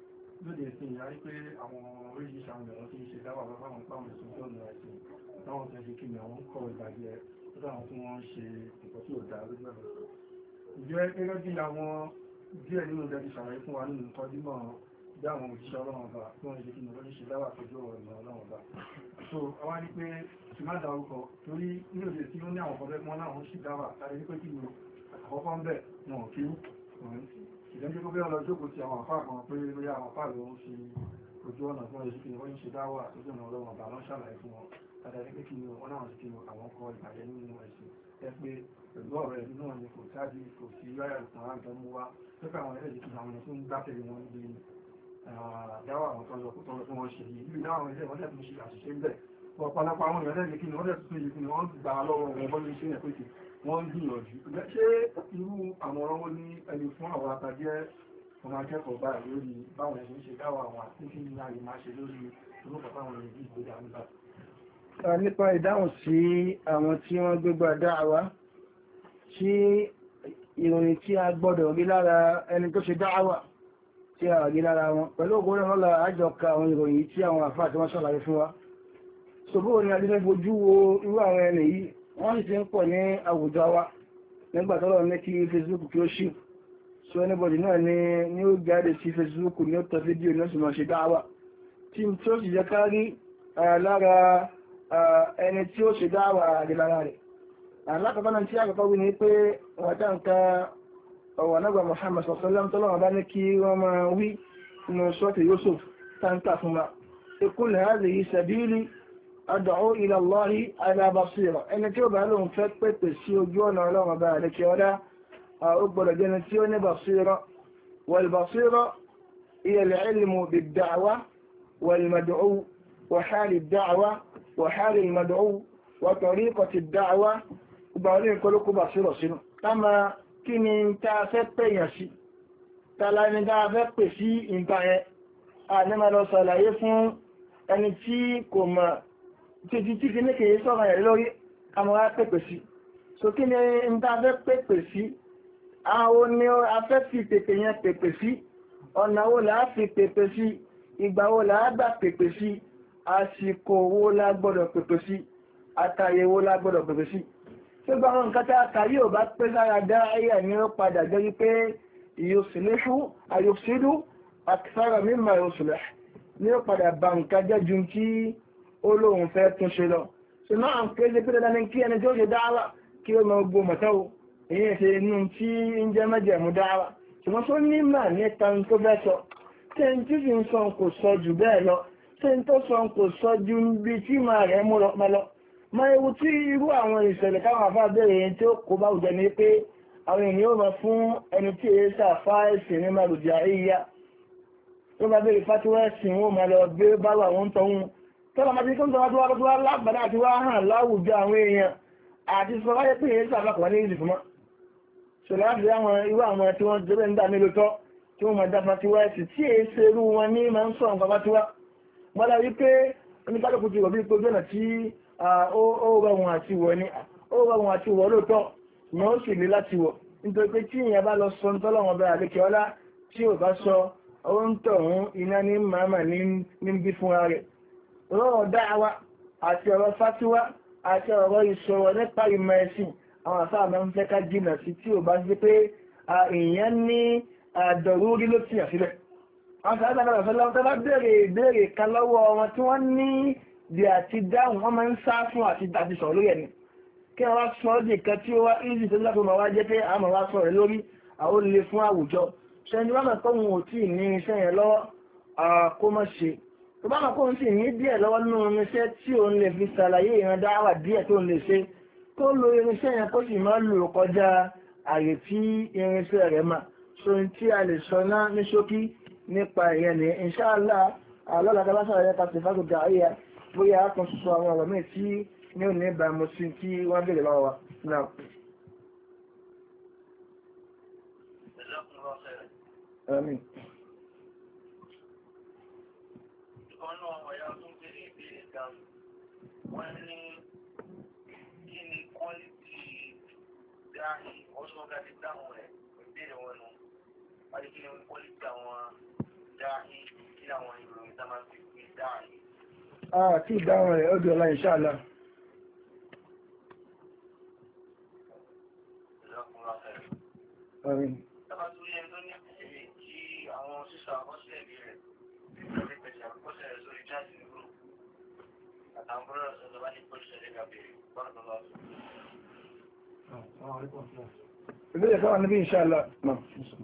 lóde ìsìn ìyá rí pé àwọn oríṣiríṣi díẹ̀ nínú ìjẹ́ ti ṣàlàyé wa nínú nǹkan dímọ̀ bí àwọn òṣìṣẹ́ ọlọ́run ọba tí wọ́n ṣe kíni lọ́dún ṣe dáwà pẹ̀lú ọ̀nà ọlọ́run ọba. so àwa ni pé kì má dárúkọ torí ní òde tí ó ní àwọn ọ̀pọ̀lọpọ̀ láwọn ìdẹ́gbẹ́ tó bẹ́ẹ̀ lọ jókòó ti àwọn àfáà kan pé lóyá àwọn àfáà ló ń ṣe ojú ọ̀nà fún ẹ̀ṣù kìnnìwọ́n ń ṣe dáwà àtúnṣe ọ̀nà ọlọ́run àbá lọ́n ṣàlàyé fún wọn tàbí pé kí wọn náà ti kìnnìwọ́n àwọn kọ ìbàjẹ́ nínú ẹ̀sìn ẹ pé pẹ̀lú ọ̀rọ̀ ẹ̀mí náà ni kò sáàdì kò sí yáyà ìtàn àgbẹ̀ mú wá pẹ́pẹ́ àwọn ẹlẹ́dìí kìnnìwọ́n àwọn tó ń gbátẹ̀lé wọn níbi dáwà àwọn tọ́jọ kó tọ́jọ fún wọn ṣe yìí níbi náà àwọn ẹlẹ́dìí wọ́n tẹ̀ tún ṣe àṣìṣe ń bẹ̀ ọ̀pọ̀lọpọ̀ àwọn ẹlẹ́dìí kìnnìwọ́n tẹ̀ tún ṣe yìí kìnnìwọ́n gbà lọ́wọ́ wọn bọ́ wọ́n ń gbìyànjú ṣé irú àwọn ọ̀rọ̀ ní ẹni fún àwọn àtàjẹ́ ọmọ akẹ́kọ̀ọ́ báyìí lórí báwọn ẹ̀sìn ṣe dáwà àwọn àtúnṣe ní ààyè máa ṣe lórí orúkọ táwọn èèyàn yìí gbé dání bá. nípa ìdáhùn sí àwọn tí wọ́n gbégbá dáàwá tí ìròyìn tí a gbọ́dọ̀ rí lára ẹni tó ṣe dáàwà tí a rí lára wọn pẹ̀lú ògbóná wọn lára àjọ ka àwọn ìròyìn tí àwọn àfáà tí wọ́n ṣàlàyé fún wa ṣòbó ni adé fẹ́ fojú wo irú àwọn ẹni yìí wọ́n sì ń pọ̀ ní àwùjọ wa nígbàtọ́lọ̀ ní kí facebook kí ó ṣì so anybody náà ni ní ó jáde sí facebook ní ó tọ́ fídíò ní ó sì mọ̀ ṣe dáwà tí ó sì jẹ́ kárí lára ẹni tí ó ṣe dáwà rẹ̀ lára rẹ̀ alákọ̀ọ́bá náà tí àkọ́kọ́ wí ni pé wàtá nǹkan ọ̀wọ̀ anágbà Muhammad sọ̀sọ́lá tọ́lọ́wọ́ bá ní kí wọ́n máa wí nínú sọ́ọ̀tì Yusuf táǹkà fún wa ikú lè hàzì yìí sàbílì ادعو الى الله على بصيره ان توب لهم فتت السيوجون على ذلك ولا اقبل جنسيون بصيره والبصيره هي العلم بالدعوه والمدعو وحال الدعوه وحال المدعو وطريقه الدعوه وبعدين كل لكم بصيره شنو كما كن انت فتت يسي تلا نجا فتت سي انت انا آه، ما لو صلاه يفون ان تي títí tí fi ní kìí sọ́rọ̀ ẹ̀ lórí kàmọ́ra pèpè sí so kí ni n ta fẹ́ pèpè sí àwọn ni a fẹ́ fi pèpè yẹn pèpè sí ọ̀nà wo là á fi pèpè sí ìgbà wo là á gbà pèpè sí àsìkò wo la gbọ́dọ̀ pèpè sí àtàyè wo la gbọ́dọ̀ pèpè sí tó gba àwọn nǹkan tá a kà yóò bá pé sára dá ẹ̀yà ni ó padà jẹ́ wípé ìyòsìlẹ́fù àyòsílù àkìsára mímọ̀ ìyòsìlẹ̀ ni ó padà bà nǹkan jẹ́ ju kí ó lóun fẹ́ tún ṣe lọ ṣùgbọ́n àwọn kéde pé dandan ni kí ẹni tí ó ṣe dáwà kí ó máa gbó mọ̀tọ́ o èyí ṣe inú tí ń jẹ́ mẹ́jẹ̀mú dáwà ṣùgbọ́n tó ní mà nípa ń tó fẹ́ sọ ṣé ń tí sì ń sọ kò sọ jù bẹ́ẹ̀ lọ ṣé ń tó sọ kò sọ ju bí tí màá rẹ̀ mú lọ lọ mọ ewu tí irú àwọn ìṣẹ̀lẹ̀ káwọn afá bẹ̀rẹ̀ yẹn tí ó kó bá òjẹ́ ni pé àwọn ènìyàn máa fún ẹni tí èyí ṣàfá ẹ̀sìn ní màlùjá ìyá tó bá bẹ̀rẹ̀ fátíwá ẹ̀sìn wọn máa lọ gbé báwà wọn tọ́hún tọ́lọ ma ti kó ń tọ́wọ́ tọ́wọ́ tọ́wọ́ lábàdá àti wá hàn láwùjọ àwọn èèyàn àti sọ wáyé pé èyí sàbàkọ̀ ní ìlú fúnmọ́ ṣòlá àti àwọn irú àwọn tí wọ́n jẹ́ ń dà mélòó tọ́ tí wọ́n máa dáfa tiwa ẹ̀sì tí èyí ṣe irú wọn ní máa ń sọ nǹkan bá tiwa ni ó bá wọn àti wọ̀ lóòótọ́ ìyẹn ó sì le láti wọ̀ nítorí pé tí ìyẹn bá lọ sọ ń tọ́lọ́wọ́n bẹ̀rẹ̀ àlékè ọlá tí ò bá sọ ó ń tọ̀hún iná rọrọ̀ dáàwá àti ọ̀rọ̀ fátíwá àti ọ̀rọ̀ ìṣòro nípa ìmọ̀ ẹ̀sìn àwọn àfáà máa ń fẹ́ ká jìnà sí tí ò bá sí pé èèyàn ní àdọ̀rúrí ló tìyàn sílẹ̀ àwọn sàádà náà fẹ́ lọ́wọ́ tó bá béèrè ìbéèrè kan lọ́wọ́ wọn tó bá mọ̀ kó ń sì ní díẹ̀ lọ́wọ́ nínú irinṣẹ́ tí òun lè fi ṣàlàyé ìran dáwà díẹ̀ tó ń lè ṣe kó lo irinṣẹ́ yẹn kó sì máa lò kọjá àyè tí irinṣẹ́ rẹ̀ mà so n tí a lè sọ náà ní ṣókí nípa ìyẹn ní ìṣáàlá alọ́làdá bá sọ̀rọ̀ nípa tìfáàgù dàáyà bóyá a kan sọ àwọn ọ̀rọ̀ míì tí ní òní ìbámu sí tí wọ́n béèrè lọ́wọ́ wa náà. Amin. wọ́n ní kí ni quality dáhì ọ̀ṣọ́gá ti dáhùn rẹ̀ ìbéèrè wọn nù wọ́n ní kí ni quality àwọn dáhì kí àwọn ìròyìn tá máa fi fi dáhì. àti ìdáhùn rẹ̀ ọdún ọ̀la inshallah. Amin. Tọ́ba tó yẹ tó ní kí àwọn sísọ àkọsí àwọn bọ́lá ọ̀sán lọ́wọ́ ní pọ́lísì ẹ̀ka bẹ̀rẹ̀ bọ́lá lọ́wọ́. Ilé ẹ̀ka wà níbi ìṣàlá.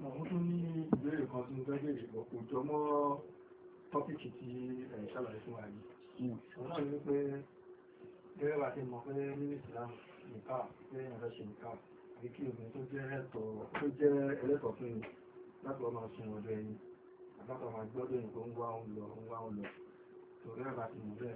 Àwọn tó ní ìbéèrè kan tí mo fẹ́ bèèrè bọ̀ kò jọ mọ́ tọ́pìkì tí ẹ̀ ṣàlàyé fún wa yìí. Hmm. Òun náà ní pé gẹ́gẹ́ bá ti mọ̀ pé nínú ìsìlámù nìka pé ẹ̀rọ ṣe nìka àbí kí obìnrin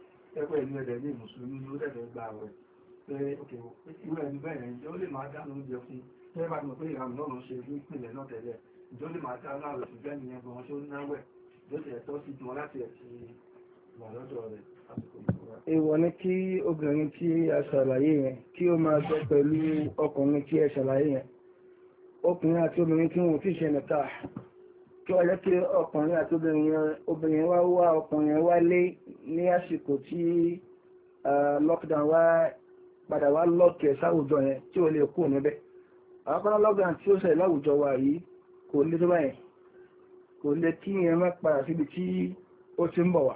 ẹgbẹ́ inú ẹ̀dẹ̀ ní mùsùlùmí ló dẹ̀dẹ̀ gba àwẹ̀ pé òkè irú ẹni bẹ́ẹ̀ yẹn ó lè máa dáná oúnjẹ fún tẹ́ bá mọ̀ pé ìrànú náà ṣe ní ìpínlẹ̀ náà tẹ̀lẹ̀ ìjọ lè máa dáná àwẹ̀ ṣùgbẹ́ nìyẹn gan ṣó ń náwẹ̀ ló ti ẹ̀tọ́ sí wọn láti ẹ̀sìn ìwà lọ́dọ̀ rẹ̀ èèwọ̀ ni kí obìnrin tí a ṣàlàyé yẹn kí ó máa sọ pẹ̀lú ọkùnrin tí a ṣàlàyé yẹn ọkùnrin àti obìnrin tí wọn ò ṣe nìta kí ọjọ́ kí ọkùnrin àti obìnrin wá wá ọkùnrin wá lé ní àsìkò tí lockdown wá padà wá lọ́kẹ̀ sáwùjọ yẹn tí ó lè kú níbẹ̀ àkọ́kọ́ lockdown tí ó ṣẹlẹ̀ láwùjọ wa yìí kò lé tó báyẹn kò lé kí yẹn má padà síbi tí ó ti ń bọ̀ wá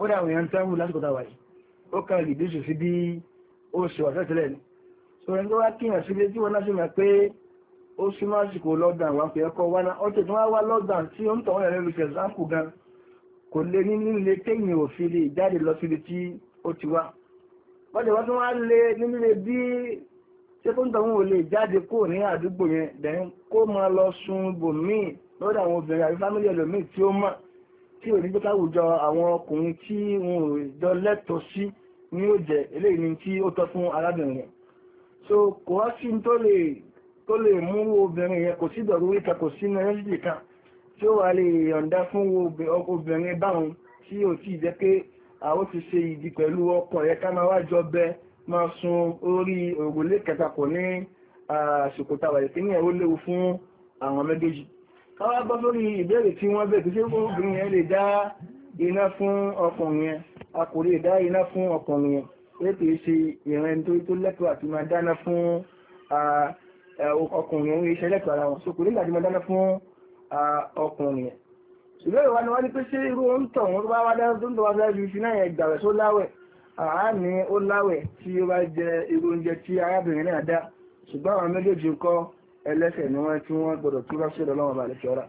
ó dà àwọn èèyàn táwọn lásìkò táwa yìí ó kàn lè dé sí bí ó ṣe wà tẹ́tẹ́lẹ̀ ni sọ̀rọ̀ nígbà wá kíyàn síbi tí wọ́n lásìkò pé ó súnmọ́ àsìkò lockdown wà pé ẹkọ wá náà ọ̀tẹ̀ tó wá wá lockdown tí ó ń tọ̀wọ́ ẹ̀rẹ́ lu kẹsàkù gan kò lè ní nílé téèyàn ò jáde lọ síbi tí ó ti wá bọ́dẹ̀ wọ́n tó wá lé nílé bí ṣé tó ń tọ̀wọ́ ò lè jáde kó ní àdúgbò yẹn dẹ̀yìn kó máa lọ sun bòmíì lọ́dọ̀ àwọn obìnrin àti fámílì ẹlòmíì tí ó mọ̀ tí ò ní gbé káwùjọ àwọn ọkùnrin tí wọn ò jọ lẹ́tọ̀ọ́ sí ni ó jẹ́ eléyìí ni tí ó tọ́ fún arábìnrin so kò wá sí tó lè tó lè mú obìnrin yẹn kò sí ìdọ̀rú ìta kò sí nẹ́rẹ́sìtì kan tí ó wà lè yọ̀ǹda fún obìnrin báwọn tí ò tí jẹ́ pé àwọn ti ṣe ìdí pẹ̀lú ọkọ yẹn ká máa wájọ bẹ máa sun orí òrùlé kẹta kò ní ṣòkòtà wà ìpínlẹ̀ ó léwu fún àwọn méjèèjì káwá bọ́ sórí ìbéèrè tí wọ́n bẹ̀rẹ̀ tí obìnrin yẹn lè dá iná fún ọkùnrin yẹn a kò lè dá iná fún ọkùnrin yẹn pé kìí ṣe ìrìn tó lẹ́tọ̀ọ́ àti máa dáná fún ọkùnrin orí iṣẹ́ lẹ́tọ̀ ara wọn so kò nígbà tí mo dáná fún ọkùnrin yẹn ṣùgbọ́n ìwà ni wọ́n ní pé ṣé irú ń tọ̀ wọ́n tó bá wá dáná tó ń tọ́ wá fẹ́ ju iṣu náà yẹn gbàwẹ̀ tó láwẹ̀ àá ní ó láwẹ̀ tí ó bá jẹ irú oúnjẹ tí arábìnrin náà dá ṣùgbọ́n àwọn méjèèjì ń kọ́ ẹlẹ́sẹ̀ ni wọ́n tí wọ́n gbọ́dọ̀ túbọ̀ sí ọ̀dọ̀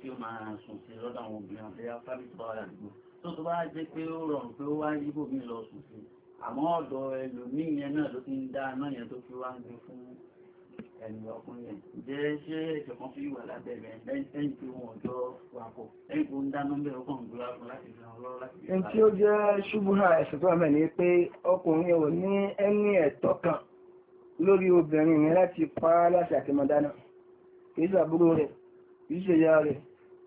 tí o máa sùn sí lọ́dọ̀ àwọn obìnrin àti afábìtì bá wà ládùúgbò tó tó bá jẹ́ pé ó rọrùn pé ó wá yíbò mí lọ sùn sí àmọ́ ọ̀dọ̀ ẹlòmíì yẹn náà ló ti ń dá náà yẹn tó fi wá ń gbé fún ẹni ọkùnrin yẹn jẹ́ ṣé ẹ̀jọ̀ kan fi wà lábẹ́ rẹ̀ lẹ́yìn tí wọ́n ọjọ́ wakọ̀ lẹ́yìn tó ń dáná bẹ́ẹ̀ ọkàn ń gbéra fún láti fi hàn lọ́wọ́ láti fi. ẹni tí ó jẹ́ ṣubúhà ẹ̀sìn tó àmì ni pé ọkùnrin ò ní ẹni ẹ̀tọ́ kan lórí obìnrin yẹn láti pa á láti àtìmọ́dáná kì í sàbúrò rẹ̀ ìṣe ya rẹ̀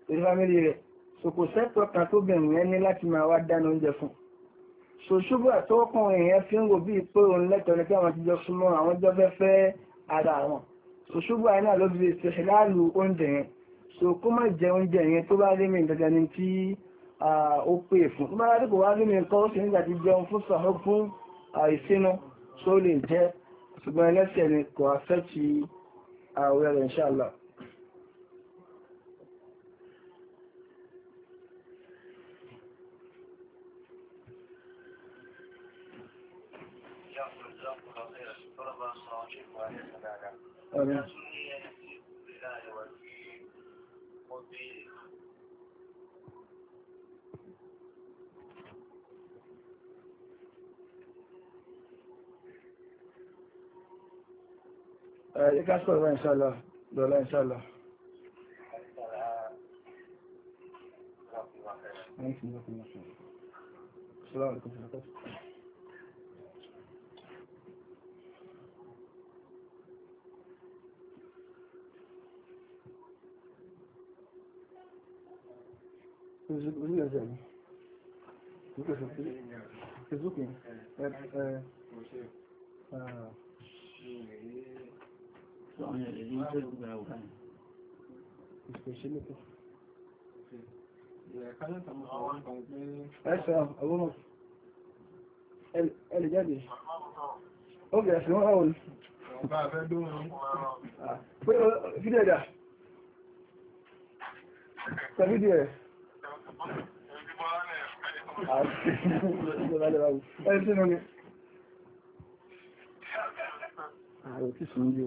pẹ̀lú fámílì rẹ̀ so kò sẹ́tọ̀ kan tó bẹ̀rù yẹn ní láti máa wá dáná oúnjẹ fún so ṣubú àtọwọ́kàn èèyàn fi ń wò bí pé òun lẹ́tọ̀ọ́ ni kí àwọn ti jọ súnmọ́ àwọn jọ fẹ́ fẹ́ ara wọn so ṣubú àìní fi ṣe láàlú oúnjẹ yẹn so kó má jẹ oúnjẹ yẹn tó bá rí mi dandan ni tí ó pè fún tó bá rí wá rí mi nǹkan ó sì nígbà tí jẹun fún sàhó fún àìsínú tó lè jẹ ṣùgbọ́n ẹlẹ́sẹ̀ ni kò àfẹ́ ti àwẹ̀ rẹ̀ inshallah Ẹ ká sọ̀rọ̀ ìṣàlá, lọ́lá ìṣàlá. Assalamu alaikum. orí ẹ̀ṣẹ̀ ni ìsókè ẹ̀ Ẹlẹ̀ jáde. Ó gẹ̀ẹ́ sí wọ́n ọ̀wọ̀n. Ọba àfẹ́ dóòrùn. Fídẹ̀ dà. Sọ fídẹ̀ rẹ̀. Ẹni tí mo ní. Ààrẹ òkú sùn ní o.